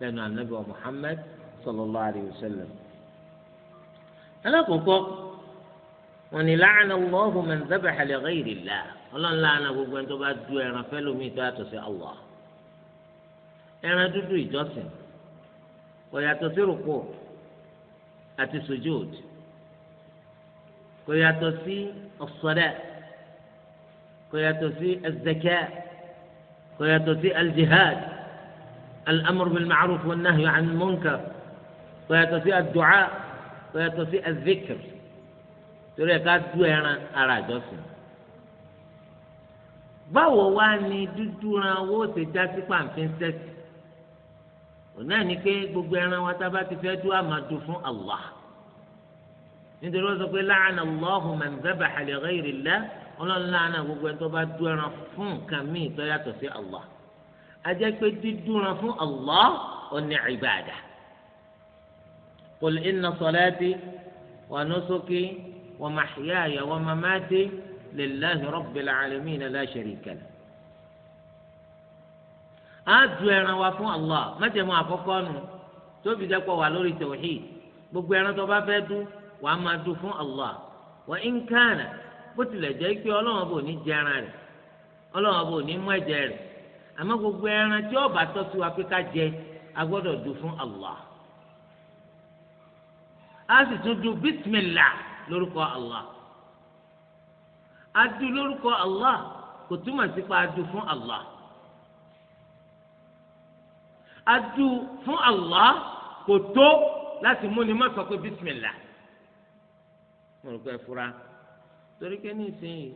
èèyàn sallallahu alayhi wa sallam. alákòókò wọn ni la'ana Allahu man dhabaha li ghayri Allah ọlọ́run làánà gbogbo ẹni tó bá du ẹran fẹ́lómi tó yàtọ̀ sí Allah ẹran dúdú ìjọsìn kò yàtọ̀ sí rúkú àti sujud kò yàtọ̀ sí ọ̀sọ̀dẹ̀ kò yàtọ̀ sí az-zakah kò yàtọ̀ sí al-jihad al-amru bil-ma'ruf wan-nahyu 'anil-munkar. yàtọ̀ sí àdúà yàtọ̀ sí azikir torí ẹ̀ ká du ẹran ara àjọsìn báwo wá ni dúdú ran owó ṣe já sí pàǹfin sẹ́sì òun náà ni pé gbogbo ẹran wa tá a bá ti fẹ́ dú àmàdù fún Allah nítorí wọ́n sọ pé láàánà Allahu man dhabaha li ọlọ́run láàánà gbogbo ẹni tó bá dú ẹran fún nǹkan míì tó yàtọ̀ sí Allah a jẹ́ pé dídú fún Allah ó ní ìbádà. قل إن صلاتي ونسكي ومحياي ومماتي لله رب العالمين لا شريك له adu ẹran wa fún allah mẹtẹmú àkọ́kọ́ nu tóbi dẹpọ wà lórí tawhid gbogbo ẹran tó bá fẹ́ dú wà á máa dú fún allah wa in kana bó tilẹ̀ jẹ́ pé ọlọ́run bò ní jẹ ẹran rẹ̀ ọlọ́run bò ní mú ẹ̀jẹ̀ rẹ̀ àmọ́ gbogbo ẹran tí ó bá tọ́ sí wa pé ká jẹ a gbọ́dọ̀ dú fún allah á sì tún du bísímìlà lórúkọ Allah adu lórúkọ Allah kò túmọ̀ sí pa adu fún Allah adu fún Allah kò tó láti múni má sọ pé bísímìlà mo rò pé torí pé ní ìsinyìí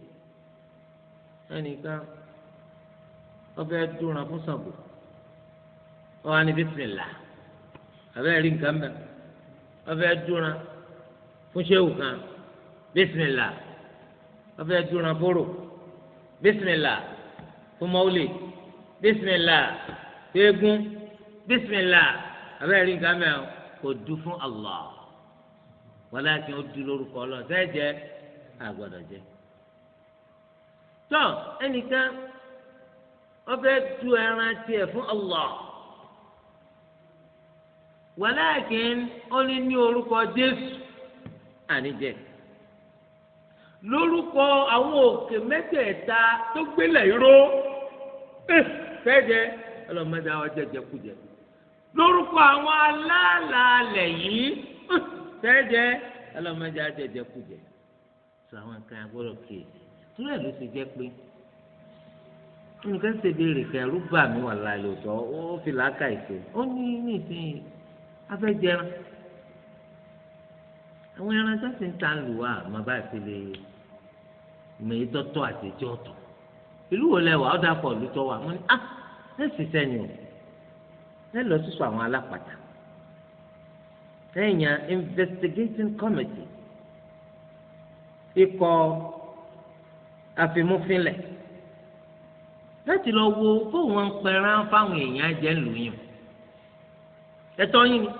ẹnìkan ọbẹ̀ dúnra fún Ṣàngó ọ wá ní rí nǹkan mẹ́rin ọfẹ dúnra fún ṣéwù kan bísímìlà ọfẹ dúnra fóró bísímìlà fún mọ́wúlì bísímìlà fẹ́gún bísímìlà abẹ́rẹ́ nǹkan mẹ́rin kò dú fún Allah wọ́n láti ó dú lórúkọ ọlọ́run sẹ́ẹ̀ jẹ́ àgbọ̀dọ̀ jẹ́ tọ́ ẹnìkan ọfẹ dú ẹran tiẹ̀ fún Allah walakin ó ní ní orúkọ jésù àníjẹ lórúkọ àwọn òkè mẹ́tẹ̀ẹ̀ta tó gbélé ró eh, fẹjẹ ọlọmọdé àwọn jẹjẹkújẹ lórúkọ àwọn alálàálẹ yìí eh, fẹjẹ ọlọmọdé àwọn jẹjẹkújẹ sọ àwọn nǹkan agbọ́dọ̀ kéèké túnbẹ ló ti jẹ pé nǹkan ṣe béèrè kẹrù bà mí wà láàyè ọ̀tọ̀ ó fi làákà ìṣe ó ní nísìnyí afẹ́ jẹran àwọn ẹran tó sì ń ta lù wá àmọ́ bá ti lè mọ èyí tọ́tọ́ àti ètí ọ̀tọ̀ ìlú wo lẹ́wà ó dà pọ̀ lùtọ́ wà mo ní à ah, ẹ sì sẹ́ni o ẹ lọ sísọ àwọn alápàtà ẹ̀yàn investigating committee ikọ̀ àfimúfinlẹ̀ láti lọ wo bóun ń pẹran fáwọn èèyàn jẹ́ lùyìn ẹ̀tọ́ yín ni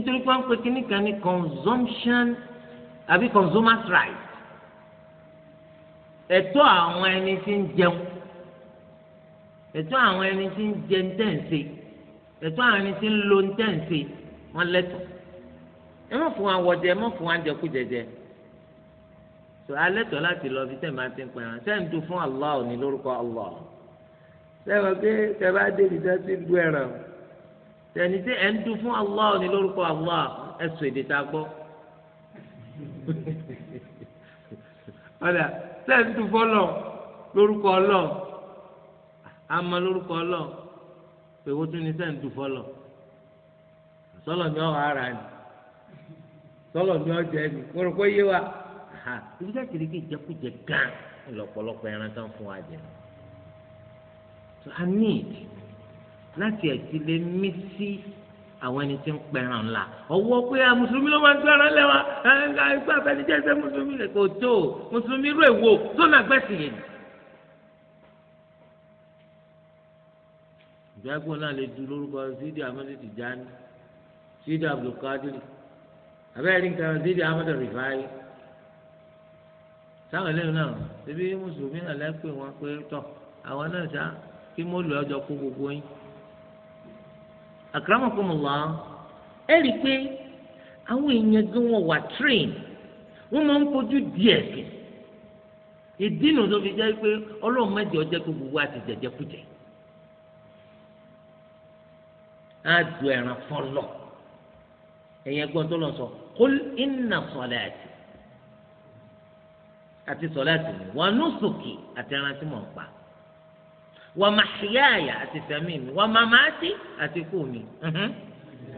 nítorí pé wọ́n pe kínní kan ní consumption àbí consumers right ẹ̀tọ́ àwọn ẹni tí ń jẹun ẹ̀tọ́ àwọn ẹni tí ń jẹ ntẹ̀ǹsẹ̀ ẹ̀tọ́ àwọn ẹni tí ń lo ntẹ̀ǹsẹ̀ wọ́n lẹ́tọ̀ ẹ má fún wa wọ̀jẹ ẹ má fún wa jẹkú jẹjẹ tó alẹ́tọ̀ láti lọ bí tẹ̀mí àti pẹ̀rẹ̀ sẹ́yìn tó fún Allah òní lórúkọ Allah sẹ́yìn pé tẹ̀ bá dé ibi tó ti du tẹni tí ẹ ń dún fún Allah ní lórúkọ Allah ẹ sọ èdè tá a gbọ́ ọ̀dà tẹ́ ń dún fọlọ́ lórúkọ ọlọ́ àmọ́ lórúkọ ọlọ́ pèwó tún ní tẹ́ ń dún fọlọ́ sọlọ ní ọ̀hún ara ni sọlọ ní ọjọ́ ẹni mo yé wa ibi tí a ti kí ìjẹkújẹ gan lọ́pọ̀lọpọ̀ ẹran tán fún wa jẹ so I need láti ẹ̀sìn lè mí sí àwọn ẹni tí ń pẹran ńlá ọwọ́ pé a ah, mùsùlùmí ló máa ń gbẹ́ran lẹ́wọ̀n ẹ̀ka ìgbà àfẹnijẹ́ ẹsẹ̀ mùsùlùmí rẹ̀ kò tó mùsùlùmí rẹ̀ wò tó nà gbẹ́sìn yẹn. ìgbàgbọ́ náà lè du lórúkọ Sidi Ahmed Tijani Zidi Abdulkadir abẹ́rẹ́ nǹkan zidi Ahmed Rifai táwọn eléyìí náà ṣe bí mùsùlùmí náà lẹ́ pè wọ́n pé tọ́ àwọn náà ṣá kí mo lù ọjọ́ kó gbogbo yín akramakumullah ẹ rí i pé àwọn èèyàn gan wọn wà train wọn máa ń kojú díẹ̀ sí ìdí nu tó fi jẹ́ pé ọlọ́run mẹ́jọ jẹ́ kó gbogbo àti jẹjẹkújẹ á du ẹran fọlọ ẹ̀yẹn gbọ́n tó lọ sọ kó iná sọlẹ̀ àti àti sọlẹ̀ àti wa nusuki àti ẹran tí mò ń pa. wàmáhíyáyà àti tẹ̀mí mi wàmámáàtì àti kù mi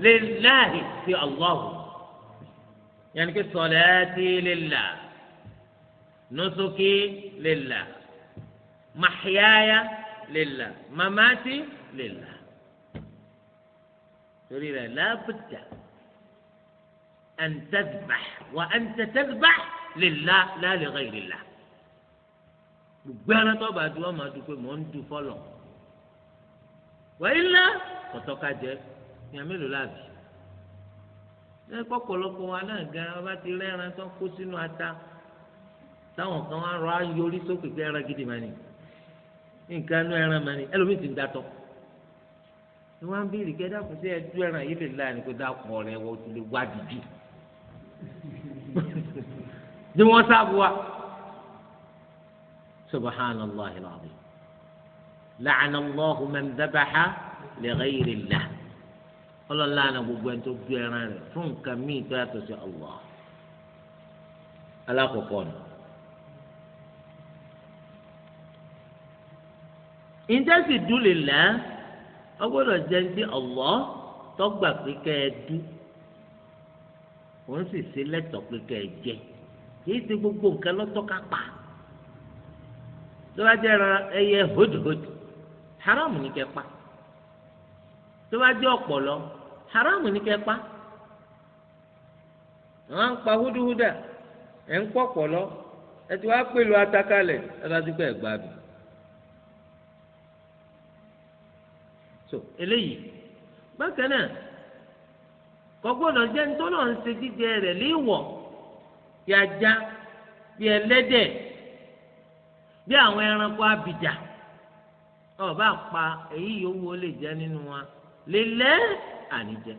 lillahi sí Allahu yẹn kí sọlẹ́tì lillah nusuki lillah mahíyáyà lillah mamáàtì lillah torí rẹ̀ lábùjá an tazbah wa anta tazbah lillah la li ghayrillah. gbogbo ẹran tó bá dùn ọmọ dùn pé mò ń dùn fọlọ wàyí ńlá kọtọka jẹ ìyàn mélòó làbí ẹ kọpọlọpọ wa náà gan ọba ti rẹran tó kó sínú ata táwọn kan wá rọ ayọrí sókè pé ẹran gidi mani nǹkan nú ẹran mani ẹlòmíì ti ń datọ ni wọn bí ìrìkẹ dàkún sí ẹdú ẹran yìí lè láàyè kó dàkún ọ̀rẹ́ wọn ò tún lè wá dìdì ni wọn sábò wa subahana allah ilahi laana allah man dabaxa lẹ́gẹ́yìrì la ọlọ́lá àná gbogbo ẹni tó gbé ẹran rẹ̀ fún nǹkan míì tó yàtọ̀ sí allah alákọ̀ọ́kọ́ ni. ìjẹ́sì dúlè lẹ́ ọgbọ́dọ̀ jẹ́ ní Allah tọ́gbà pé kẹ́ ẹ dú òun sì ṣe lẹ́tọ̀ pé kẹ́ ẹ jẹ kìí ṣe gbogbo nǹkan lọ́tọ́ ká pa tó bá jẹ́ ẹran ẹyẹ hudhud haram ní kẹ́ pa jẹ́ ọ̀pọ̀lọ́ haram ní pa wọ́n ń pa húdúhúdà ẹ̀ ń pọ̀ ẹ ti wá pèlú atakalẹ̀ ẹ bá ti so eléyìí bákan náà jẹ́ ṣe bí àwọn ẹranko abìjà ọba pa èyí yòówù ó lè jẹ nínú wa lélẹ àníjẹ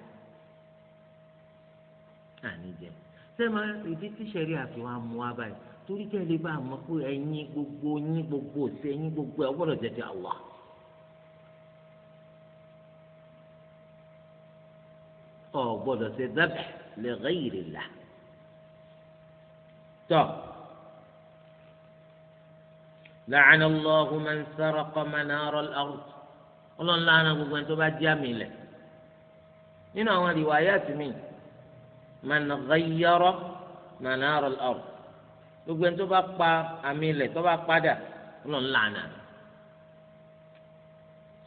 àníjẹ sẹ́mi ìdí tíṣẹ̀rí àfihàn amú wa báyìí torí kẹ́ ẹ lè bá a mọ̀ pé ẹ̀yin gbogbo yín gbogbo òsè ẹ̀yin gbogbo ẹ̀ gbọ́dọ̀ jẹ́ ti àwa. ọ̀ gbọ́dọ̀ ṣe dábẹ̀ lè rẹ́ ìrìlà. So, la'ana Allahu man saraqa manara al-ard ọlọ́run lánàá gbogbo ẹni tó bá jí àmì ilẹ̀ nínú àwọn riwayat mi man ghayyara manara al-ard gbogbo ẹni tó bá pa àmì ilẹ̀ tó bá padà ọlọ́run lánàá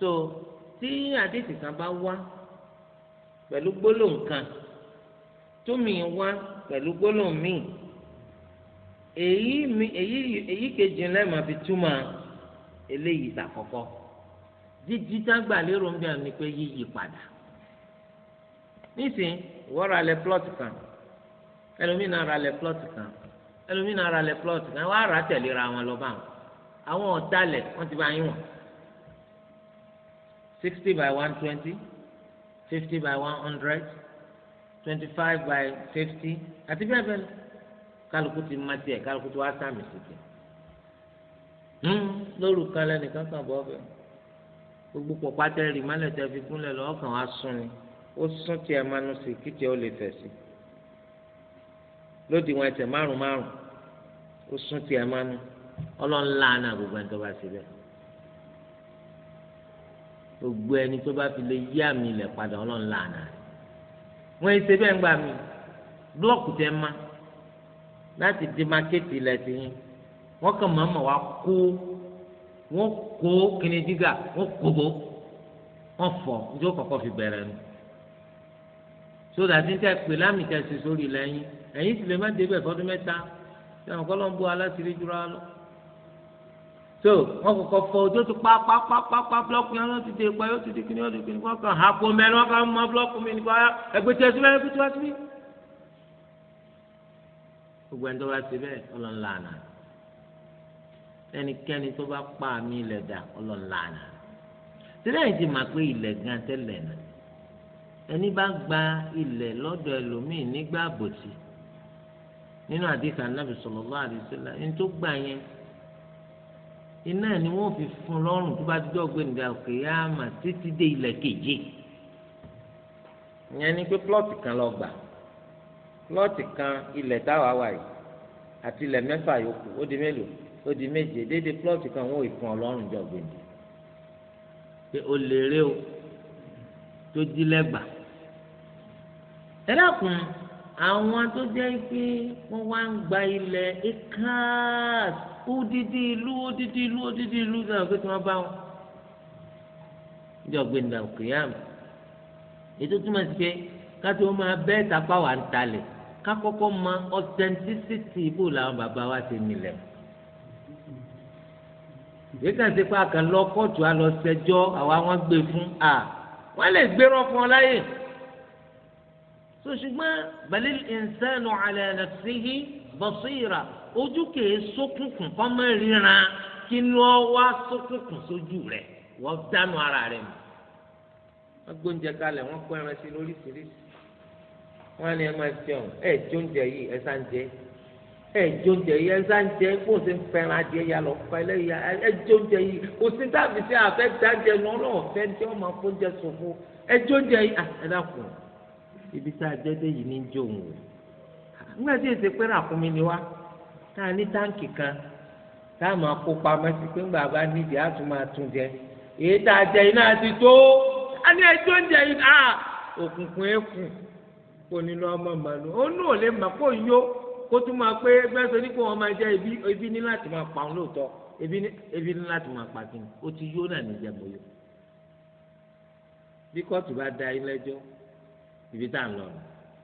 so tí àdéhùn kan bá wá pẹ̀lú gbólóhùn kan tómi wá pẹ̀lú gbólóhùn míì èyí mi èyí èyí kejì lẹ́ẹ̀ máa fi túmọ̀ eléyìí tàkọ́kọ́ jíjí tágbà lérò ń bẹ̀rù ni pé yíyí padà nísìnyí wọ́n ra lẹ plọ́ọ̀tì kan ẹlòmínà ra lẹ plọ́ọ̀tì kan ẹlòmínà ra lẹ plọ́ọ̀tì kan wọ́n á rà á tẹ̀léra wọn lọ́ba wọn àwọn ọ̀dàlẹ̀ wọ́n ti bá yín wọ̀n sixty by one twenty fifty by one hundred twenty five by fifty àti bẹ́ẹ̀ bẹ́ẹ̀ kálukú ti má tiẹ̀ kálukú ti wá sàmì sókè hmm, lóru kan lẹ́nìkan kan bọ́ bẹ́ẹ̀ gbogbo pọ̀pá tẹ́ rì má lẹ́tẹ̀ fi gúnlẹ̀ lọ́wọ́ kan wá sún ni ó sún tiẹ̀ mánú sí kí tiẹ̀ ó lè fẹ̀ sí lódì wọn ẹsẹ̀ márùn márùn ó sún tiẹ̀ mánú ọlọ́nla náà gbogbo ẹni tó bá ṣe bẹ́ẹ̀ gbogbo ẹni tó bá fi lè yí àmì ilẹ̀ padà ọlọ́nla náà wọ́n ṣe bẹ́ẹ̀ ń gbà mí blọ́ọ̀kù tẹ́ máa láti di mákètì ilẹ̀ sí yín wọ́n kàn máa mọ̀ wá kó wọ́n kó kíni dígà wọ́n kóbó wọ́n fọ̀ ní ó kọ́kọ́ fi bẹ̀rẹ̀ nu sódà tí ń tẹ́ pè lámì tẹ̀sí sórí lẹ́yìn ẹ̀yìn sì lè má débẹ̀ fọ́dún mẹ́ta sẹ́wọ̀n kọ́ ló ń bó aláṣírí jùlọ lọ. tó wọ́n kọ́kọ́ fọ ojú ti pa pa pa pa pa búlọ́ọ̀kù yẹn lọ́ọ́ ti dé ipa yóò ti di kíni yóò di kíni kọ́ kàn ápò mẹ́rin wọ́n kàn mọ́ gbogbo ẹni tó bá ti bẹ́ẹ̀ ọlọ́nlànà ẹnikẹ́ni tó bá pa àmì ilẹ̀ dà ọlọ́nlànà tẹ́lẹ̀ yìí ti mà pé ilẹ̀ gan tẹ́lẹ̀ nà ẹni bá gba ilẹ̀ lọ́dọ̀ ẹlòmíì nígbà àbòsí nínú àdìsá nàbì sallallahu alaihi wasallam ẹni tó gbà yẹn iná ni wọ́n fi fún lọ́rùn tó bá dúdú ọ̀gbẹ́ni òkè yá mà títí kan lọ gbà. plọ́ọ̀tì kan ilẹ̀ táwa wà yìí àti ilẹ̀ mẹ́fà yòókù ó di mélòó ó di méje déédéé plọ́ọ̀tì kan wọn ò fún ọlọ́run jọ gbèndé pé o lè rí o tó di lẹ́gbàá ẹ dákun àwọn tó jẹ́ pé wọ́n wá ń gba ilẹ̀ ekaas odidi ìlú odidi ìlú odidi ìlú náà pé kí wọ́n bá wọn jọ gbèndé àkùyàmù ètò túmọ̀ sí pé ká tó máa bẹ́ẹ̀ tapá wà ń talẹ̀ kakọkọ ma authenticity bó làwọn bàbá wa ti nílẹ̀ yìí kàn sí pé a kàn lọ kóòtù a lọ ṣẹjọ́ àwa wọn gbé fún a wọn lè gbérọ fún ọ láyè so ṣùgbọ́n balil insanu ala nafsihi basira ojú kèé sókùnkùn kọ́ mọ́ ríran kí ni wọ́n wá sókùnkùn sójú rẹ̀ wọ́n dánú ara rẹ̀ mọ́ wọ́n gbóúnjẹ kalẹ̀ wọ́n kó ẹran sí lóríṣiríṣi wọn ni ẹ máa jẹun ẹ jóúnjẹ yìí ẹ sá ń jẹ ẹ jóúnjẹ yìí ẹ sá ń jẹ kó o sì ń fẹ́ràn adìẹ ya lọ fà ẹlẹ́yà ẹ jóúnjẹ yìí kò sí táàbì sí àfẹ́ dájẹ nù ọlọ́wọ́ fẹ́ tí wọ́n máa fóúnjẹ sòfò ẹ jóúnjẹ yìí ẹ dàkùn ibi tá a jẹ́ dé yìí ní jó òun o nígbà tí èsì pé ràkúnmí ni wá tá a ní táǹkì kan tá a máa kó pamọ́ sí pé ńgbà bá nídìí á tún máa tún jẹ èyí tá a jẹ yìí kó nínú ọmọ màlú ó nù ò lè mà kó yó kó tún máa pé bẹ́ẹ̀ sọ ní kó wọn máa jẹ ebi ebi ní láti máa pa òun lóòótọ́ ebi ní ebi ní láti máa pa kìnnì ó ti yó náà níjẹ mọ́ yó bí kóòtù bá da yín lẹ́jọ́ ibi tá à ń lọ rẹ̀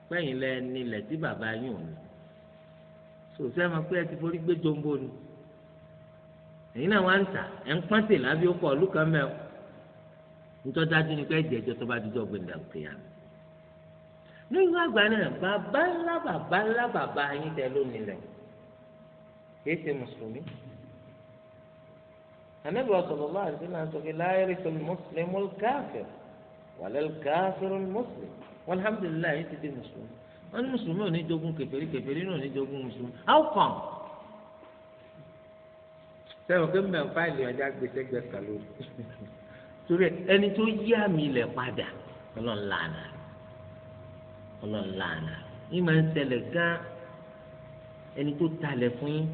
pẹ́yìn lẹ nílẹ̀ tí bàbá yín ò ní sòsẹ́ máa pé ẹ ti forí gbé jombo ni èyí náà wá ń tà ẹ̀ ń pọ́n tè lábí ọ̀lú kan mẹ́ọ̀ nítorí dájú ni pé ẹ̀jẹ̀ ẹjọ́ tó bá dúdú ọ̀gbìn dàgbé yàrá nígbà àgbà náà bàbá ńlá bàbá ńlá bàbá yín tẹ lónìí lẹ kìí ṣe mùsùlùmí anabi sallallahu alaihi wasallam sọ pé la yarithul muslimul kafir walal kafirul muslim walhamdulilayi ti di mùsùlùmí wọn ní mùsùlùmí ò ní jogún kèfèrí kèfèrí náà ò ní jogún mùsùlùmí how come sẹ́wọ̀n pé mbẹ́ fáìlì ọjà gbèsè gbèsè lórí torí ẹni tó yí àmì ilẹ̀ padà ọlọ́run lànà ọlọ́run lànà yìí máa ń ṣẹlẹ̀ gán ẹni tó talẹ̀ fún yín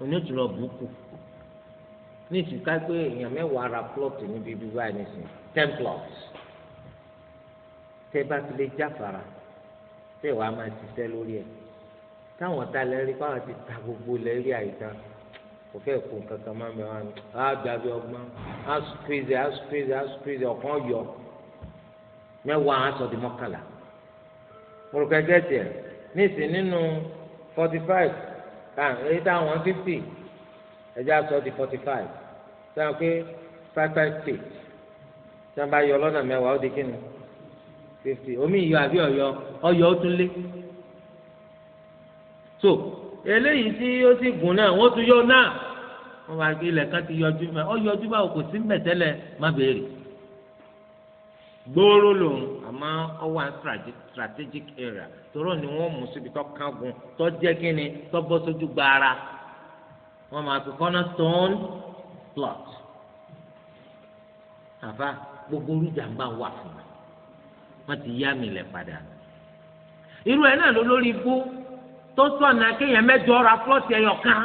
onítùlọ̀ bùkù ní ìsìká pé èèyàn mẹ́wàá ra plọ́ọ̀tì níbi bíbá ẹ̀ nísìnyí ten plots tẹ́ bá ti lè jáfara tẹ́ wàá máa ṣiṣẹ́ lórí ẹ̀ táwọn talẹ̀ rí fáwọn ti ta gbogbo lẹ́rí àyíká kò fẹ́ kó nǹkan kan máa ń bẹ wọn á dàbí ọgbọ́n á sùpèsè á sùpèsè á sùpèsè ọ̀kan yọ mẹ́wàá aṣọ di mọ́kànlá orúkọ ẹgbẹ́ tiẹ̀ níìsín nínú forty five èyí one fifty ẹ̀jẹ̀ aṣọ di forty five sáà pé five five six sáà bá yọ lọ́nà mẹ́wàá ó di kíni fifty omi ìyọ àbí ọ̀yọ́ ọ̀yọ́ ó tún lé so eléyìí tí ó sì gùn náà wọ́n tún yọ náà wọ́n bá ilẹ̀ kan ti yọjú mẹ́ ọ yọjú báwo kò sí mẹ́tẹ́lẹ̀ má béèrè. gboro lòun àmọ́ ó wà strategic area tóró ni wọ́n mú síbi tó kángun tó jẹ́ kínni tó bọ́ sójú gbàrà wọ́n máa fi stone plot àbá gbogbo olùjàmbá wà fún mi wọ́n ti yá mi lẹ̀ padà irú ẹ̀ náà ló lórí ibú tó sọ̀nà kéèyàn mẹ́jọ ra plot ẹ̀yọ̀ kan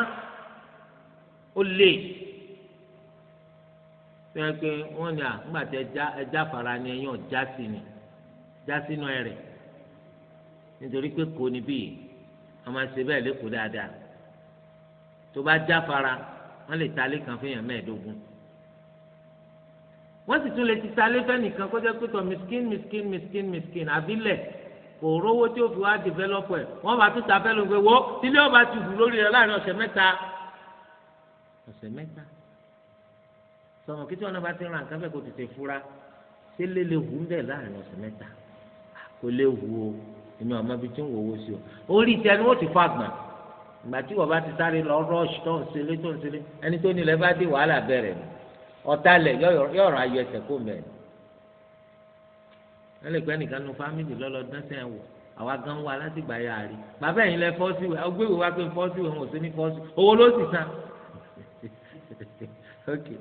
ó lè. fẹ́ẹ́ pé wọ́n ní àgbà tẹ ẹja fara ni ẹ̀yìn ọ̀já sí ni já sínú ẹ̀rẹ̀ nítorí pé kò níbí yìí wọ́n máa ṣe bẹ́ẹ̀ lẹ́kọ̀ọ́ dáadáa tó bá já fara wọ́n lè ta ilé kan fún èèyàn mẹ́ẹ̀ẹ́dógún wọ́n sì tún lè ti ta ilé fẹ́nìkan kó jẹ́ pé tọ̀ miskin miskin miskin miskin àbílẹ̀ kò rówó tí ó fi wá develop ẹ̀ wọ́n bá tún ta fẹ́ lóun pé wo tílé ọba ti hù lórí rẹ̀ láàrin ọ̀sẹ̀ mẹ́ta ọ̀sẹ̀ mẹ́ta sọmọ kí tí wọn náà bá ti ràn nǹkan bẹ́ẹ̀ kó tètè fura ṣé lélẹ̀ wù ń bẹ̀ láàrin ọ̀sẹ̀ mẹ́ta kò lè wù o èmi ọmọ ibi tí ń wò owó sí o orí ìtẹ́ ni wọ́n ti fa àgbà ìgbà tí wọ́n bá ti sáré lọ rọ́ọ̀ṣì tó ń ṣẹlẹ̀ tó ń ṣẹlẹ̀ ẹni tó nílẹ̀ bá dé wàhálà bẹ̀rẹ̀ ọ̀talẹ̀ yọ̀ọ̀rọ̀ ayọ̀ ẹsẹ̀ kó mẹ́rin ẹlẹgbẹ nìkan nu fámìlì lọlọ dẹsẹ wò àwa gan wa láti gbà yà rí bàbá ẹ̀yin lẹ fọsí wẹ ọgbẹ ìwé pé fọsí wẹ òun ò sí ní fọsí owó ló sì san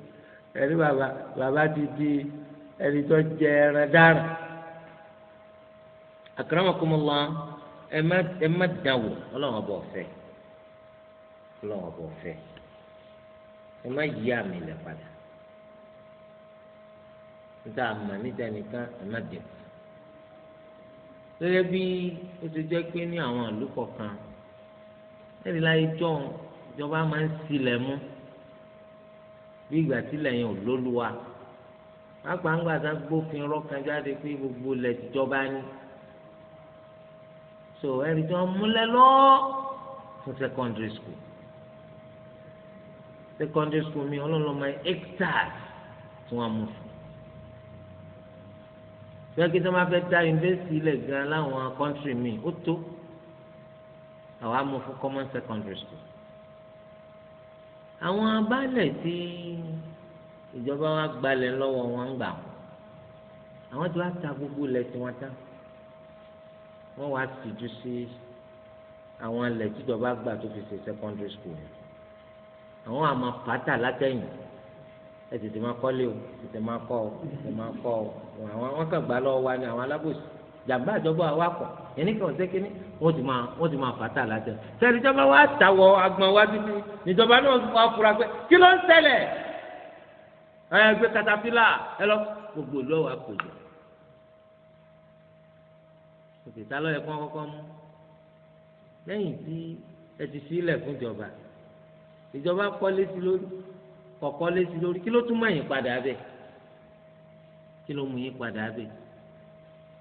ẹni bàbá bàbá ti di ẹni tó jẹ ẹran dára akramakumullah ẹ má ẹ má dàn wò ọlọ́run ọba ọ̀fẹ́ ọlọ́run ọba ọ̀fẹ́ ẹ má yí àmì ilẹ̀ padà níta àmà níta nìkan ẹ má dẹ̀ gẹ́gẹ́ bí ó ti jẹ́ pé ní àwọn àlùkò kan ẹ̀rí láyé jọ́ ìjọba máa ń silẹ̀ mú bí ìgbà tí lẹ́yìn olóluwa pápá ń gbàdá gbófin rọ́kan jáde pé gbogbo ilẹ̀ tìjọba ni so ẹni tí wọ́n múlẹ̀ lọ fún secondary school secondary school mi ọlọ́lọ́mọ hectares tí wọ́n mú fún gbẹ́gẹ́ tí wọ́n bá fẹ́ dá yunifásitì ilẹ̀ gan láwọn kọ́ńtírì mi ó tó àwa mú fún common secondary school àwọn baálẹ̀ tí ìjọba wa gbalẹ̀ lọ́wọ́ wọn ń gbà wọn àwọn tí wàá ta gbogbo ilẹ̀ tí wọ́n ta wọ́n wàá tìjú sí àwọn ilẹ̀ tíjọba gbà tó fi ṣe secondary school àwọn àmọ́ pátá látẹ̀yìn ẹ tètè máa kọ́lé o tètè máa kọ́ o tètè máa kọ́ o àwọn wọn kàn gbà lọ́wọ́ wa ni àwọn alábòsí jàmbá àjọgbọ́ awakọ̀ ẹni kan ṣe kínní wọ́n ti máa wọ́n ti máa fàtà láti ẹ̀. sẹ́ni ìjọba wa tàwọ̀ agbọ̀n wa bíbí ìjọba náà wà fura pé kí ló ń ṣẹlẹ̀ ẹ gbé katapila ẹ lọ gbogbo lọ́wọ́ àpòjọ. òkèta lọ́yẹ̀ kán kọ́kọ́ mú lẹ́yìn tí ẹ ti sílẹ̀ fún ìjọba ìjọba kọ́lé sí lórí kọ̀kọ́lé sí lórí kí ló tún mọ̀ yín padà bẹ́ẹ̀ kí ló mú yín padà bẹ́ẹ̀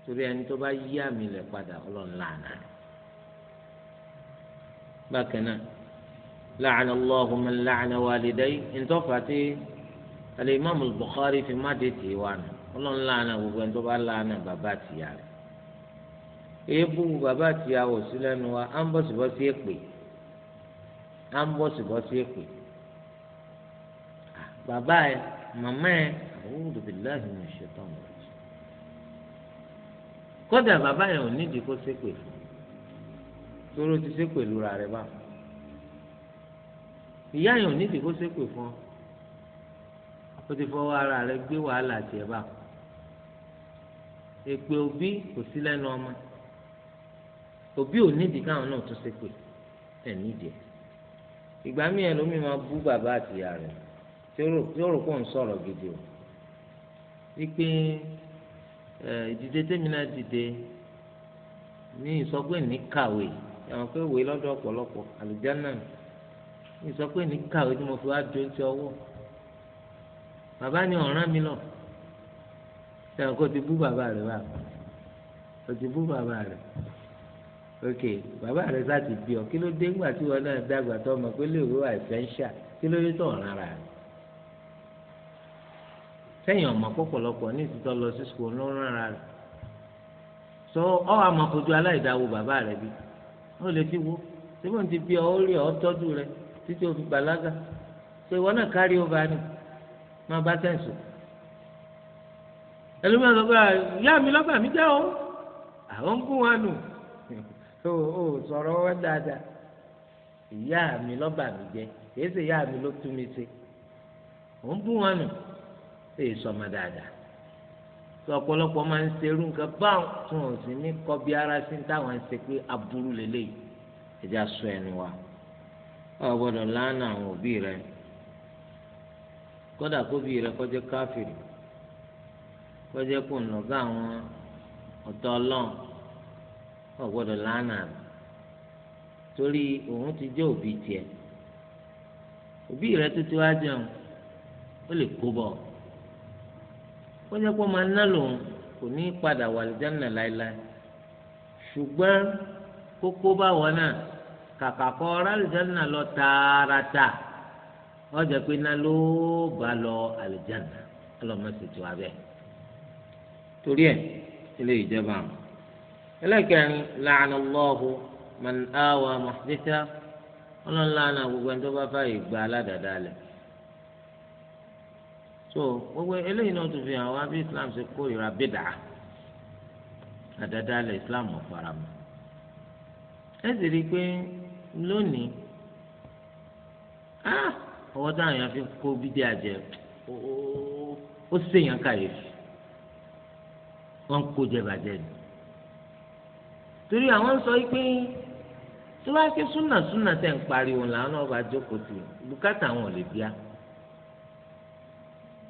torí ẹni tó bá yí àmì rẹ̀ padà ọlọ́run lànà bákan náà la'ana Allahu man la'ana walidayhi ntọ́fà tí al-Imam al-Bukhari fi má dé tì í wà nù ọlọ́run lànà gbogbo ẹni tó bá lànà bàbá àtìyá rẹ̀ èébú bàbá àtìyá wò sí lẹ́nu wa à ń bọ̀ síbọ̀ sí èpè à ń bọ̀ síbọ̀ sí èpè bàbá ẹ màmá ẹ a'udhu billahi minash shaitani kódà bàbá yẹn ò nídìí kó ṣépè fún tóró ti ṣépè lura rẹ̀ bá ìyá yẹn ò nídìí kó ṣépè fún ó ti fọwọ́ ara rẹ̀ gbé wàhálà tiẹ̀ bá èpè òbí kò sí lẹ́nu ọmọ òbí ò nídìí káwọn náà tún ṣépè ẹ̀ nídìí ìgbà míì ẹlòmíì máa bú bàbá àti ìyá rẹ̀ tí ó rò pé òun sọ̀rọ̀ gidi o wípé ìdìde tèmi náà dìde ní ìsọpé ní kàwé àwọn pé wèé lọ́dọ̀ ọ̀pọ̀lọpọ̀ àlùjáná ní ìsọpé ní kàwé tí mo fi wá jó ti ọwọ́ bàbá ni ọ̀ràn mi lọ sẹ́wọ̀n kó ti bú bàbá rẹ̀ wá kó ti bú bàbá rẹ̀ ok bàbá rẹ̀ sá ti bí ọ kí ló dé ńgbà tí wọn náà dàgbà tó ọmọ pé léèwé wà ẹ̀fẹ́ ń ṣà kí ló dé tó ọ̀ràn ara rẹ̀ sẹ́yìn ọmọ pọ̀pọ̀lọpọ̀ ní ìtútọ́ lọ sí sukùl ló ń rárá so ọ àmọ́ fojú aláìdáwó bàbá rẹ̀ bí ó lè ti wo síbò ti bí ọ rí ọ tọ́jú rẹ títí o fi bàlágà so ìwọ náà kárí ọba ni máa bá tẹ̀sùn ẹlòmíràn sọ pé ìyá mi èyí sọmọ dáadáa tó ọ̀pọ̀lọpọ̀ máa ń ṣerú nǹkan báwọn tí wọ́n sì ní kọbi ara sí táwọn ń ṣe pé aburú lélẹ́yìí ẹ̀já sọ ẹnu wa ọ̀ gbọ́dọ̀ lánàá àwọn òbí rẹ kódà kóbi rẹ kọjá káfíìrì kọjá kò ń lọ́gá àwọn ọ̀tọ̀ ọlọ́run ọ̀ gbọ́dọ̀ lánàá torí òun ti jẹ́ òbí tiẹ̀ òbí rẹ tó ti wá jẹun ó lè kó bọ̀ ó jẹ́ pé ọmọ aná lòun kò ní í padà wà lìjánà láéláé ṣùgbọ́n kókó báwọn náà kàkà kọ́ rálìjánà lọ tààràtà ó jẹ́ pé iná ló bá lọ àlìjánà ọlọ́mọṣètò abẹ́ torí ẹ̀ ilé ìjọba àwọn ẹlẹ́kẹ̀rin làánà lọ́ọ̀hù mọ̀n áwà mọ̀ṣẹ́ṣẹ́ ọlọ́ńlá náà gbogbo ẹni tó bá fààyè gba aládàáda lẹ̀ so gbogbo eléyìí náà tún fi hàn wá bí islam ṣe kórìíra bídà àdádálẹ̀ islam ọ̀farama ẹ sì rí i pé lónìí ah, ọwọ́ táwọn èèyàn fi kó bídé àjẹ ó ṣèyàn kàyéfì wọ́n kó jẹ bàjẹ́ ni torí àwọn sọ pé tí wọ́n á ké súnà súnà tẹ̀ ń pariwo làwọn náà bá jókòó tì bùkátà àwọn ò lè bíá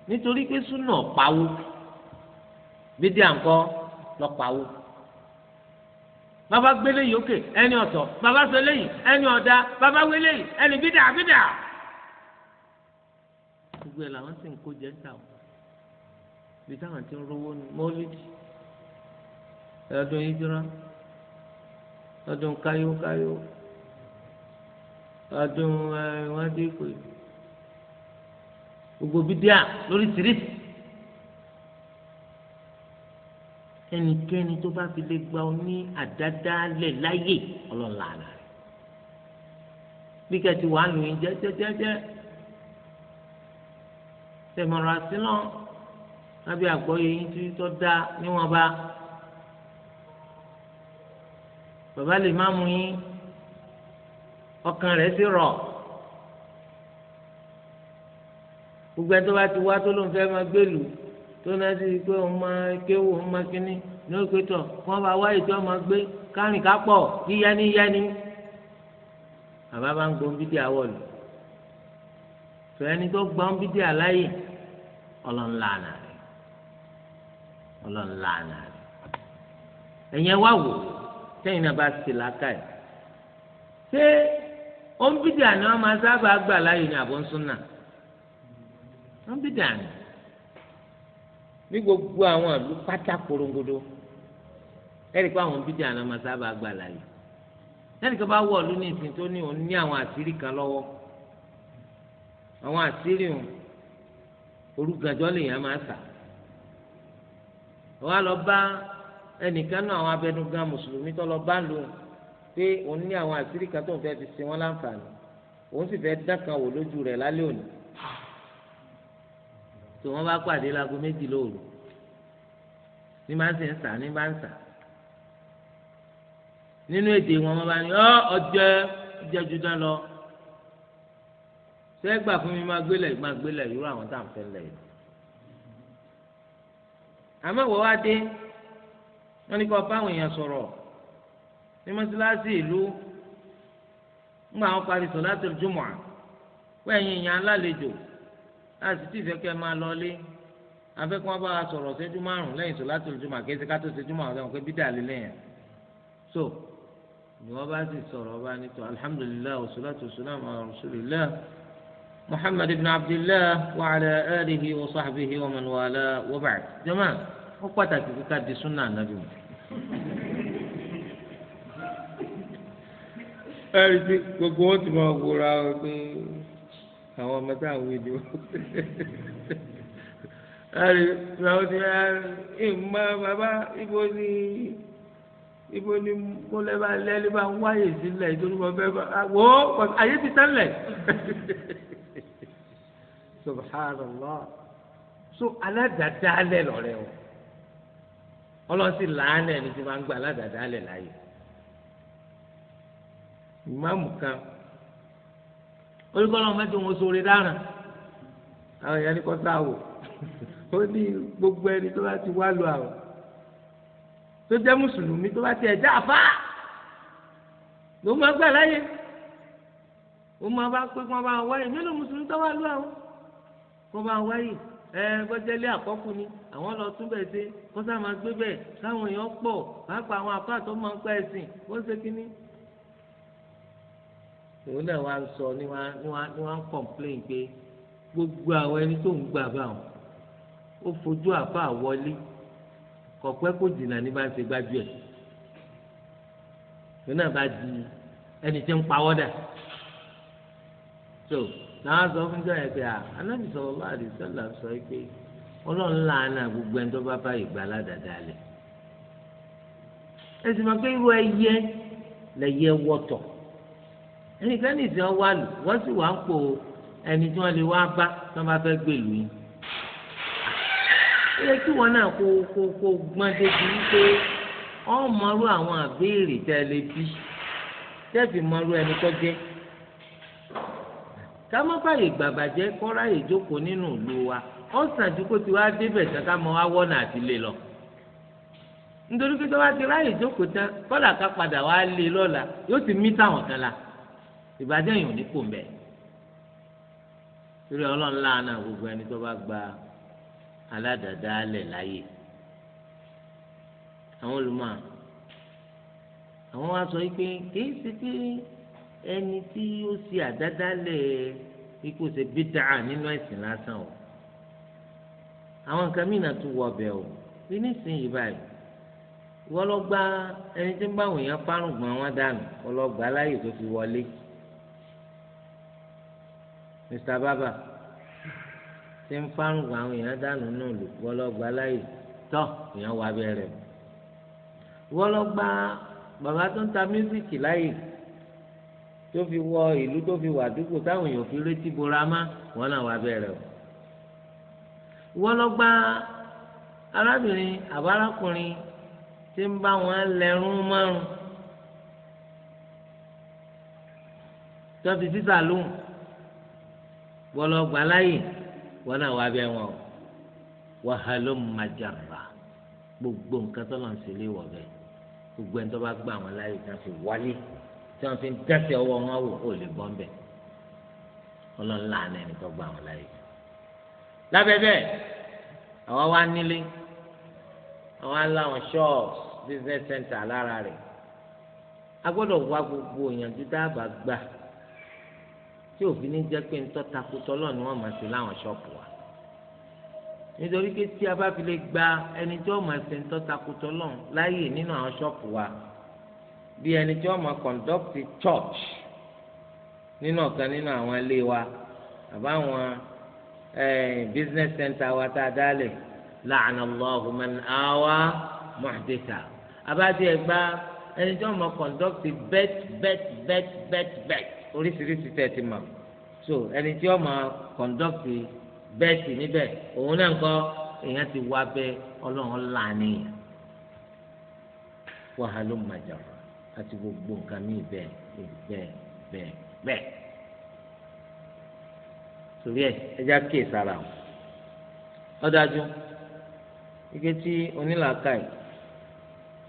nítorí pé súnà pawó bídíà ńkọ́ lọ pawó bàbá gbélé yìí òkè ẹni ọ̀tọ̀ bàbá sọ léyìí ẹni ọ̀dá bàbá wélé yìí ẹni bídà bídà gbogbo ẹ̀ làwọn sì ń kó jẹ́ ń tà wọ́n bí táwọn ti ń rówó ní mọ́lídì ọdún ìjọra ọdún káyókáyó ọdún ẹ eh, wọ́n dín kù gbogbo bídíà lóríṣiríṣi ẹnikẹ́ni tó bá fi lè gba ọ ní àdádálẹ̀ láyè ọlọ́la rẹ̀ bí kẹ́tì wàá lò yín jẹ́jẹ́jẹ́jẹ́ tẹ̀mọ̀rọ̀ àsínà lábẹ́ àgbọ́yé yín tí tó dá níwọ̀n bá bàbá lè má mú yín ọkàn rẹ̀ sì rọ̀. gbogbo ẹni tó bá ti wá tó ló ń fẹ́ máa gbèlú tó náà ti pé òun máa kéwò òun máa kíní ní òkè tọ̀ kí wọ́n bá wá ètò ọmọ gbé kárìn kápọ̀ yíyáni yíyáni bàbá bá ń gbọ́n bídìí àwọ̀ lò tó ẹni tó gbọ́n bídìí àláyè ọlọ́nlànà rẹ̀ ọlọ́nlànà rẹ̀ ẹ̀yẹn wá wò sẹ́yìn náà bá ti làákà yìí ṣé ó bídìí àná máa sábà gbà láyè ní àbọ̀nsúnà wọ́n bí dànù ní gbogbo àwọn àlù pátá korongodo ẹ̀rí pé àwọn bídíà náà máa sábà gbà láàyè lẹ́nu kan bá wọ̀ ọ́ lónìí ìsìn tó ní òun ní àwọn àṣírí kan lọ́wọ́ àwọn àṣírí òun orúgànjọ́ lèèyàn máa sà wọ́n á lọ bá ẹnìkan náà àwọn abẹnugan mùsùlùmí tó lọ bá lò pé òun ní àwọn àṣírí kan tó ń fẹ́ fi ṣe wọ́n láǹfààní òun sì fẹ́ dákan wò lójú rẹ̀ lálẹ́ òní tó wọ́n bá pàdé láago méjì lóru ní máa ń sè ń sà ní máa ń sà nínú èdè wọn wọ́n bá ní ọ ọjọ́ ọjọ́ júdá lọ sẹgbà fún mi máa gbélé máa gbélé irú àwọn tá à ń fẹ́ lẹ̀ yìí àmọ́ ìwọ wá dé wọ́n ní kó báwọn èèyàn sọ̀rọ̀ ní mọ́sálásí ìlú ńgbà wọ́n parí sọ̀látùl jumu'ah wọ́n ẹ̀yin èèyàn alálejò a ah, sì ti fẹ́ kẹ́ máa lọ lé afẹ́ kí wọ́n bá wa sọ̀rọ̀ ṣẹ́jú márùn lẹ́yìn sọ̀láṣí olùjùmọ̀ kí ẹsẹ̀ ká tó ṣẹ́jú márùn lẹ́yìn pé bídà lé lẹ́yìn so ni wọ́n bá sì sọ̀rọ̀ ọba nítọ́ alhamdulilayi wasalaatu wasalaamu ala rasulillah muhammad ibn abdillah wa ala alihi wa sahbihi wa man wala wa ba'd jama ó pàtàkì kíkà di sunna anabi mu. ẹ̀rí tí gbogbo ó ti máa wúra pé àwọn ọmọ tá à ń wí ni wọn ẹrí ìgbàwó ti ẹ ìmọ bàbá ibo ni ibo ni mo lẹ bá lẹ ní bá ń wáyè sílẹ̀ ìdúró bọ bẹ́ẹ̀ bá wò ó ayé ti tẹ́lẹ̀ subhanallah so aládàáda alẹ lọrẹ o ọlọsìn làánẹ ni ti máa ń gba aládàáda alẹ láàyè ìmáàmù kan olùkọ́lọ́ mẹ́tò wọn sóore dára àwọn èèyàn ní kọ́ sá wò ó ní gbogbo ẹni tó bá ti wá lu àwọn tó jẹ́ mùsùlùmí tó bá ti ẹ̀já àfá ló máa gbà láyé ó máa bá pé kó bá wáyé mélòó mùsùlùmí tó wá lu àwọn kó bá wáyé ẹ gbọ́dẹ́lé àkọ́kù ni àwọn lọ tún bẹ̀ ṣe kó sá máa gbé bẹ̀ káwọn èèyàn pọ̀ pàápàá àwọn àfáà tó máa ń pa ẹ̀sìn ó ṣe kínní òun náà wá ń sọ ni wọ́n á ń complain pé gbogbo àwọn ẹni tó ń gbà bá wọn ó fojú àfa àwọlé kọ̀pẹ́ kò dìnnà ní bá ń ṣe gbájú ẹ̀ òun náà bá di ẹni tí ń pawọ́ dà tó làwọn sọ fún jọyọ̀ pé anábì sọ̀rọ̀ bá àdìsọ́là sọ pé ọlọ́run làánà gbogbo ẹni tó bá bá ìgbà ládàá lẹ̀ ẹ̀sìn máa pé irú ẹyẹ lẹ̀yẹ wọ̀tọ̀. ẹnìkan nìsín ọ wà lù wọ́n sì ń ẹni tí wọ́n lè wá tí wọ́n bá fẹ́ gbèlú yìí ó yẹ kí wọn náà kó kó kó gbọ́n débi wípé wọ́n mọ̀rú àwọn àbéèrè tẹ́ ẹ lè bí tẹ́ẹ̀fì mọ̀rú ẹni tó jẹ́ ká má kọ́ra ìjókòó nínú ìlú lọ. nítorí pé tó bá ti ráyè padà wá lé lọ́la yóò ti mí táwọn kan la. ìbàjẹ́ yìí ò ní kò mbẹ́ torí ọlọ́run láàánú gbogbo ẹni tó bá gba aládàáda alẹ̀ láàyè àwọn olùmọ̀ àwọn wa sọ pé kìí ṣe pé ẹni tí ó ṣe àdádálẹ̀ ikú ṣe bídàá nínú ẹ̀sìn lásán o àwọn nǹkan mìíràn tún wọ ọbẹ̀ o bí nísìnyí báyìí wọ́n lọ gba ẹni tí ń bá àwọn èèyàn fárùngbọ̀n wọn dànù ọlọ́gbà láyè tó fi wọlé. Mr. Baba ṣe ń fárùn àwọn èèyàn dànù náà lò wọlọgba láyè tọ èèyàn wà bẹ̀rẹ̀ wọlọgba bàbá tó ń ta mísíkì láyè tó fi wọ ìlú tó fi wà dúpọ̀ táwọn èèyàn fi rétí bora wọn náà wà bẹ̀rẹ̀ o wọlọgba arábìnrin àbárakùnrin tí ń bá wọn lẹ́rún márùn tó fi sísà bọ́lọ́ gbaláyè wọn náà wàá bẹ wọn o wàhálò màjàrà gbogbo nǹkan tó lọ sí ilé wọ bẹ gbogbo ẹni tó bá gbà wọn láyè tí wọn fi wálé tí wọn fi ń tẹsẹ̀ ọwọ́ wọn wò ó lè bọ́n bẹ ọlọ́run làánà ẹni tó gbà wọn láyè. lábẹ́ àwa wá nílé àwa láwọn shops business center lára rẹ̀ a gbọ́dọ̀ wá gbogbo òyìnbó dáàbà gbà tí òfin ní jẹ́ pé ńtọ́ takò tọ́lọ́ ni wọ́n máa ṣe láwọn ṣọ́ọ̀pù wa nítorí pé tí a bá fi lè gba ẹni tí wọ́n máa ṣe ńtọ́ takò tọ́lọ́ láàyè nínú àwọn ṣọ́ọ̀pù wa bí ẹni tí wọ́n máa conduct church nínú ọ̀kan nínú àwọn ilé wa àbáwọn business center wa tá a dálẹ̀ la'ana Allahu man awa muhditha abájẹ́ gba ẹni tí wọ́n máa conduct bet bet bet bet bet. bet oríṣiríṣi tẹ̀ ti mọ̀ so ẹni tí ó máa kọ̀ńdọ́kì bẹ́ẹ̀tì níbẹ̀ òun náà kọ́ èèyàn ti wá bẹ ọlọ́run lánàá yẹn wàhálà ló máa jà wá àti gbogbo nǹkan míì bẹ́ẹ̀ bẹ́ẹ̀ bẹ́ẹ̀ bẹ́ẹ̀ torí ẹ ẹja kéè sára o ó dájú ike tí onílàákàyè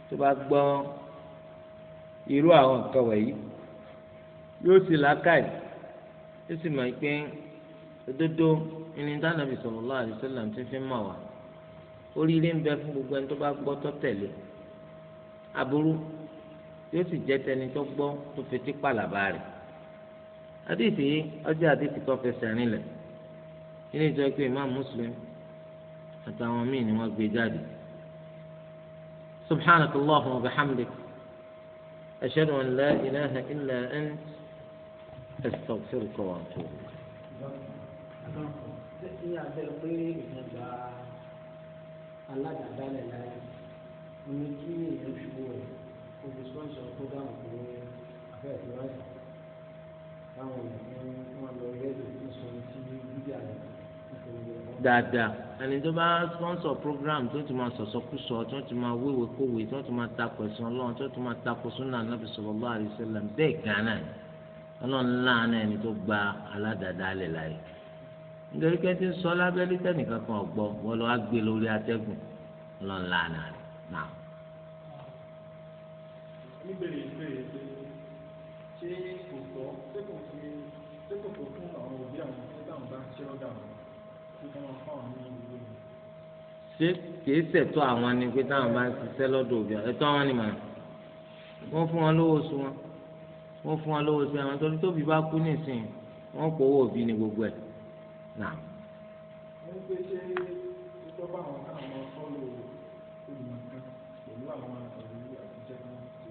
tó bá gbọ́ irú àwọn nǹkan wọ̀nyí yóò sì làákàyè yóò sì máa pé òdodo ẹni dáná bí sallallahu alaihi wasallam ti fi mọ̀ wá oríire ń bẹ fún gbogbo ẹni tó bá gbọ́ tó tẹ̀lé aburú yóò sì jẹ́ tẹni tó gbọ́ tó fetí pàlàbà rẹ̀ àdìsí ọjọ́ àdìsí tó fẹsẹ̀ rinlẹ̀ nínú ìjọ pé Imam Muslim àtàwọn míì ni wọ́n gbé jáde subhanakallahumma wa bihamdik ashhadu an la ilaha illa ant astaghfiruka wa atubu. ní abẹ́ program kò dáadáa ẹni tó bá sponsor program tó ti máa sọ̀sọ́kúsọ tó ti máa wéwèé kówèé tó ti máa takò ẹ̀sìn ọlọ́run tó ti máa takò súnà nàbì sallallahu alaihi bẹ́ẹ̀ gánà ni ọlọ́run láàánú ẹni tó gba aládàádáálẹ̀ láàyè nítorí pé tí ń sọ lábẹ́lí tẹ́nìkan kan ọ̀gbọ́ wọ́n lọ́ọ́ gbé lórí atẹ́gùn ọlọ́run láàánú rẹ̀ náà. níbèrè ìbéèrè pé ṣé kò sọ ṣé kò fi ṣé kò tó fún àwọn òbí àwọn tí táwọn bá ṣe ọ́dà wọn kí wọ́n fáwọn ní ìlú wọn. ṣé kìí ṣètò àwọn ni pé táwọn bá ń ṣiṣẹ́ lọ́dọ̀ òbí ẹ̀tọ́ wọn ni màá wọ́n fún wọn lówó oṣù wọ́n fún wọn lówó sí àwọn tó ní tóbi bá kú nísìn wọ́n kó owó òbí ni gbogbo ẹ̀ nà. wọ́n gbé ṣe ìjọba àwọn káwọn fọ́lọ̀ olùmọ̀ọ́ká pẹ̀lú àwọn ìlú àtijọ́ náà ti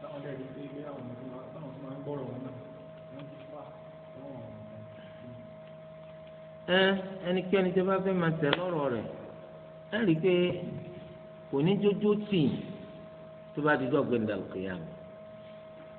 táwọn dẹ́rẹ́ pé pé àwọn táwọn tó máa ń gbọ́rọ̀ wọn náà wọ́n ti fà láwọn ọ̀rọ̀ ẹ ẹnikẹ́ni tó bá fẹ́ máa tẹ̀ lọ́rọ̀ rẹ̀ ẹ rí i pé kò ní jójó tì tó bá di dọ́gbẹ́ndàlùkìyàmù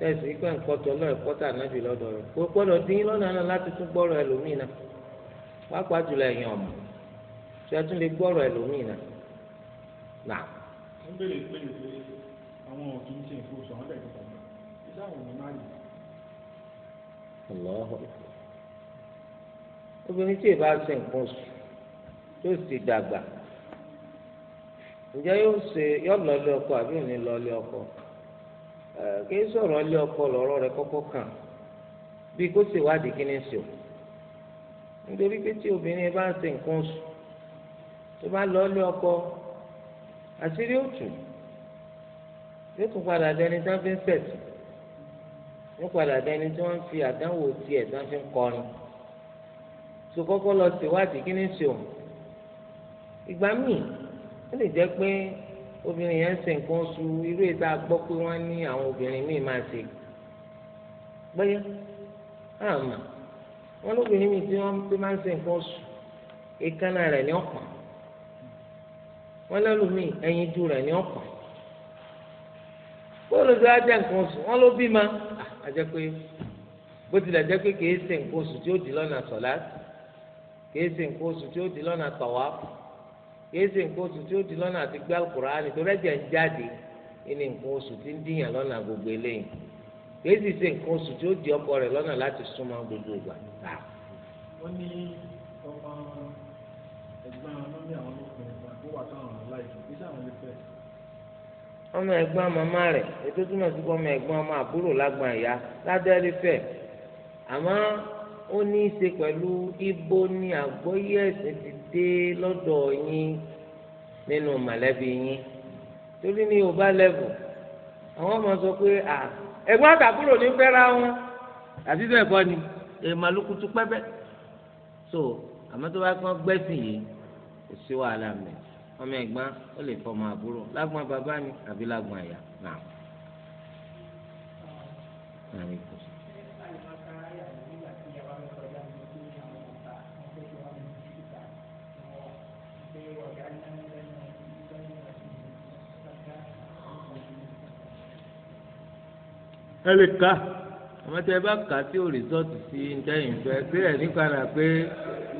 tẹ̀sí pé nǹkan tó lọ ẹ̀kọ́ tà nábì lọ́dọ̀ rẹ̀ kó gbọ́dọ̀ dín lọ́nà náà láti tún gbọ́rọ̀ ẹlòmíì náà pápá jùlọ ẹ̀yìn ọ̀mọ̀ tí a tún lè gbọ́rọ̀ ẹlòmíì náà nà. pé àwọn òkè ń ṣe ìfowópamọ́ àwọn iṣẹ́ àwọn máa yìí. ọlọ́hùn obìnrin tí ìbá ṣe nǹkan oṣù tó sì dàgbà ǹjẹ́ yóò ṣe kí sọ̀rọ̀ lé ọkọ lọ́rọ̀ rẹ kọ́kọ́ kàn bí kó ṣèwádìí kí ni sọ nítorí pé tí obìnrin bá ń ṣe nǹkan oṣù tó bá lọ lé ọkọ àṣírí òtù yóò tún padà dẹni tí wọ́n fi ń sẹ̀tù yóò padà dẹni tí wọ́n fi àdánwò tiẹ̀ tí wọ́n fi ń kọrin tó kọ́kọ́ lọ ṣèwádìí kí ni sọ ìgbà míì ó lè jẹ́ pé obìnrin yẹn ń ṣe nǹkan oṣù irú ìta gbọ́ pé wọ́n ní àwọn obìnrin míì máa ṣe gbẹ́yẹ́ àmà wọn lóbìnrin míì tí wọ́n ti máa ń ṣe nǹkan oṣù èékánná rẹ̀ ní ọ̀pọ̀ wọn lẹ́lòmíì ẹyin ju rẹ̀ ní ọ̀pọ̀ bóòlù tí wọ́n jẹ́ nǹkan oṣù wọn ló bí ma àjẹ́ pé bó tilẹ̀ jẹ́ pé kìí ṣe nǹkan oṣù tí ó di lọ́nà sọ̀lá kìí ṣe nǹkan oṣù tí ó di lọ́nà tọ̀wá kìí ṣe nǹkan oṣù tí ó di lọ́nà àti gbé alukur'ani tó rẹ́jẹ̀ ń jáde ní nǹkan oṣù tí ń dìyàn lọ́nà gbogbo eléyìí kìí ṣe nǹkan oṣù ó di ọkọ rẹ̀ lọ́nà láti súnmọ́ gbogbo ìgbà ah. ó ní ọmọ ẹ̀gbọ́n mọ́mí àwọn ọmọkùnrin wà táwọn sáwọn lè fẹ́. ọmọ rẹ̀ ètò sí ọmọ ọmọ àbúrò ó ní í ṣe pẹ̀lú ibo ni àgbọ́yé ẹ̀sìn ti dé lọ́dọ̀ yín nínú mọ̀lẹ́bí yín torí ní yorùbá lẹ́bù àwọn ọmọ sọ pé à ẹ̀gbọ́n àtàkùrò ní fẹ́ra wọn àti bẹ́ẹ̀ kọ́ ni èèmọ̀ lókùtù pẹ́pẹ́ so àmọ́ tó bá kàn gbẹ́sìn yìí kò sí wàhálà mẹ́ ọmọ ẹ̀gbọ́n ó lè fọmọ àbúrò lágbọ́n bàbá ni àbí lágbọ́n àyà náà. ẹ lè ka àmọ́tẹ́ ẹ bá kà sí òrìsọ́ọ̀tù sí ntẹ́yìn fẹ́ pé ẹ̀ nípa rà pé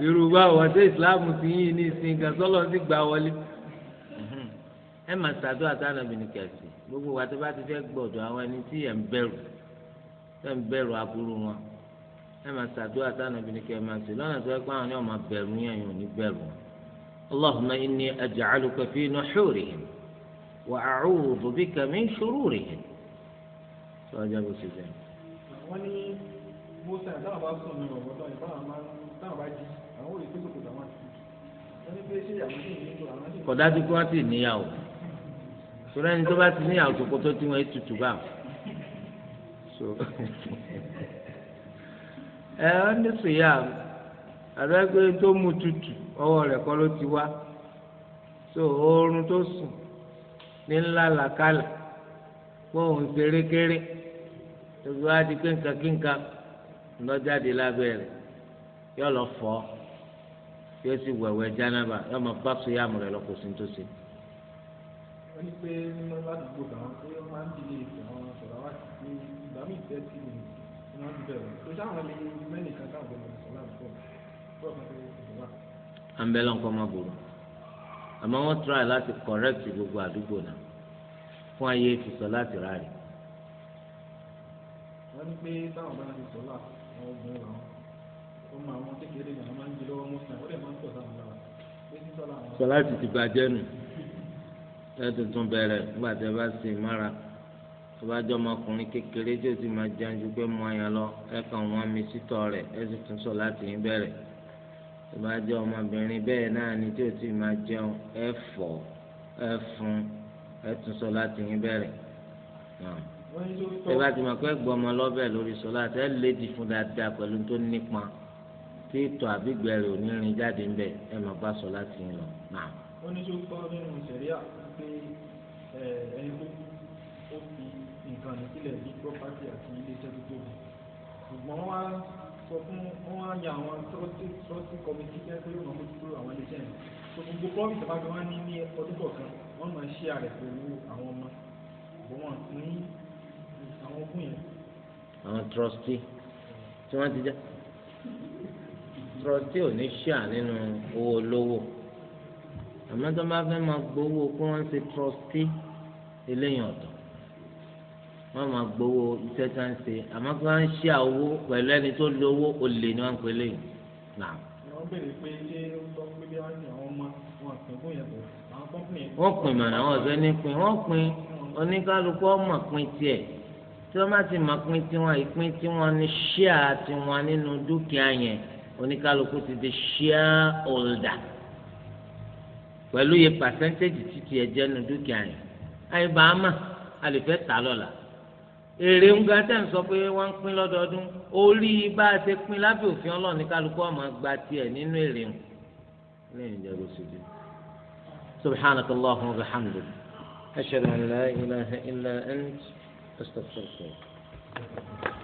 irú báwo ṣe ìsìláàmù ti yín ní ìsìn gàtọ́lọ́ sí gbà wọlé ẹ mà sàdó àtànà bìnnì kẹsì gbogbo wa tó bá ti fẹ́ gbọ́dọ̀ àwọn ẹni tí ẹ̀ ń bẹ̀rù ẹ̀ ń bẹ̀rù aburú wọn ẹ mà sàdó àtànà bìnnì kẹsì lọ́nà tó ẹ pé àwọn ni bẹ̀rù yẹn ní bẹ̀rù wọn. اللهم أجعلك في نحورهم وأعوذ بك من شرورهم tó ajá bó ṣe jẹ. wọ́n ní mọ́sá táwọn bá sùn ní ọ̀gbọ́n tán ìbára máa ń táwọn bá jí àwọn ò lè tó sòkòtà wọn sí wọ́n ní pé ṣé àwọn sì ní ìlú àwọn sì. kódà tí wọ́n ti níyàwó sọ̀rọ̀ ẹni tó bá ti níyàwó ṣòkòtò tí wọ́n tutù bá ẹ ọ́ ní sèyá àdúgbò tó mu tutù ọwọ́ rẹ̀ kọ́ ló ti wá so oorun tó sùn ní ńlá làkàlà fóun ṣerékeré tóbi wá di pé nǹkan kí nǹkan lọ́jáde lábẹ́ rẹ̀ yóò lọ fọ́ yóò sì wẹ̀wẹ̀ jánábà yóò máa bá so yàmù rẹ̀ lọ́kọ̀ sí nítòsí. wọ́n ní pé nínú ládùúgbò kan pé wọ́n máa ń dilé ìtàn sọ̀rọ̀ wá sí ìgbà míì tẹ́ sí ni wọ́n ti bẹ̀rẹ̀ tó sáwọn lè mẹ́rin kan káàbọ̀ lọ́dún sọ̀rọ̀ àbúkọ̀ bọ́ọ̀ kan tó sọ̀rọ̀ wá. à ń máa bòrò àmọ́ wọ́n try láti correct gbogbo àdúgbò náà fún ayé ìfisọ̀ láti ráàlì ní pé táwọn bá ń sọ là àwọn obìnrin làwọn ọmọ àwọn kékeré ni àwọn máa ń di lọ́wọ́ mọ́sán ó dẹ̀ máa ń pọ̀ sáwọn lára pé sísọ làwọn. sọlá ti ti bàjẹ́ nù ẹ tuntun bẹ̀rẹ̀ nígbà tí ẹ bá sin mára tó ọmọkùnrin kékeré tí ó ti máa jẹun pé mọ àyàn lọ ẹ kàn wọn mi sítọ rẹ ẹ sì tún sọ láti yín bẹ̀rẹ̀ tó ọmọbìnrin bẹ́ẹ̀ náà ni tí ó ti máa jẹun ẹ fọ ẹ fún ẹ tún sọ láti yín bẹ̀rẹ̀ náà ẹ bá ti mọ̀ pé gbọ́ ọmọ lọ́bẹ̀ lórí sọlá àti ẹ lè di fún dáadáa pẹ̀lú tó nípa tí ìtọ̀ àbígbẹ́ rẹ̀ ò ní rin jáde ń bẹ̀ ẹ máa bá sọlá ti ń lọ náà. ó nínú ìṣẹ̀ríà pé ẹni tó ó fi nǹkan nípìnlẹ̀ bí pọ́pátì àti iléeṣẹ́ tó tóbi ṣùgbọ́n wá sọ fún wọn á yan àwọn trọ́sì kọ́mítì kẹ́ pé wọ́n mójútó àwọn iléeṣẹ́ àwọn trọ́stì tí wọ́n ti já trọ́stì ò ní ṣíà nínú owó olówó àmọ́ tó bá fẹ́ máa gbowó kó wọ́n ṣe trọ́stì eléyìí ọ̀tọ̀ wọ́n máa gbowó iṣẹ́ tí wọ́n ń ṣe àmọ́ kí wọ́n ń ṣíà owó pẹ̀lú ẹni tó lo owó olè ni wọ́n ń pè léyìí náà. wọ́n béèrè pé ṣé ó sọ pé bí wọ́n ń yàn wọ́n mọ́ wọn pín fún yẹn wọ́n pín mọ̀nà àwọn ọ̀sẹ̀ ní pín wọ́n pín oníkálukú ọmọ pín tiẹ̀ tí wọ́n bá ti mọ pín tiwọn ìpín tiwọn ní ṣíà tiwọn nínú dúkìá yẹn oníkálukú ti di ṣíà ọ̀ldà pẹ̀lú iye pàṣẹ́ntéèjì títí ẹ̀jẹ̀ nínú dúkìá yẹn àyè bá a mà a lè fẹ́ tà lọ́la èrè ń ga tẹ̀ ń sọ pé wọ́n ń pín lọ́dọọdún orí bá a ṣe pín lábẹ́ òfin ọlọ́ọ̀ni kálukú ọmọ gba tiẹ̀ nínú èrè ń lẹ́yìn ìjọba òṣèlú subhanakallahumma wa bihamdika ashhadu an la ilaha illa anta. That's the first one.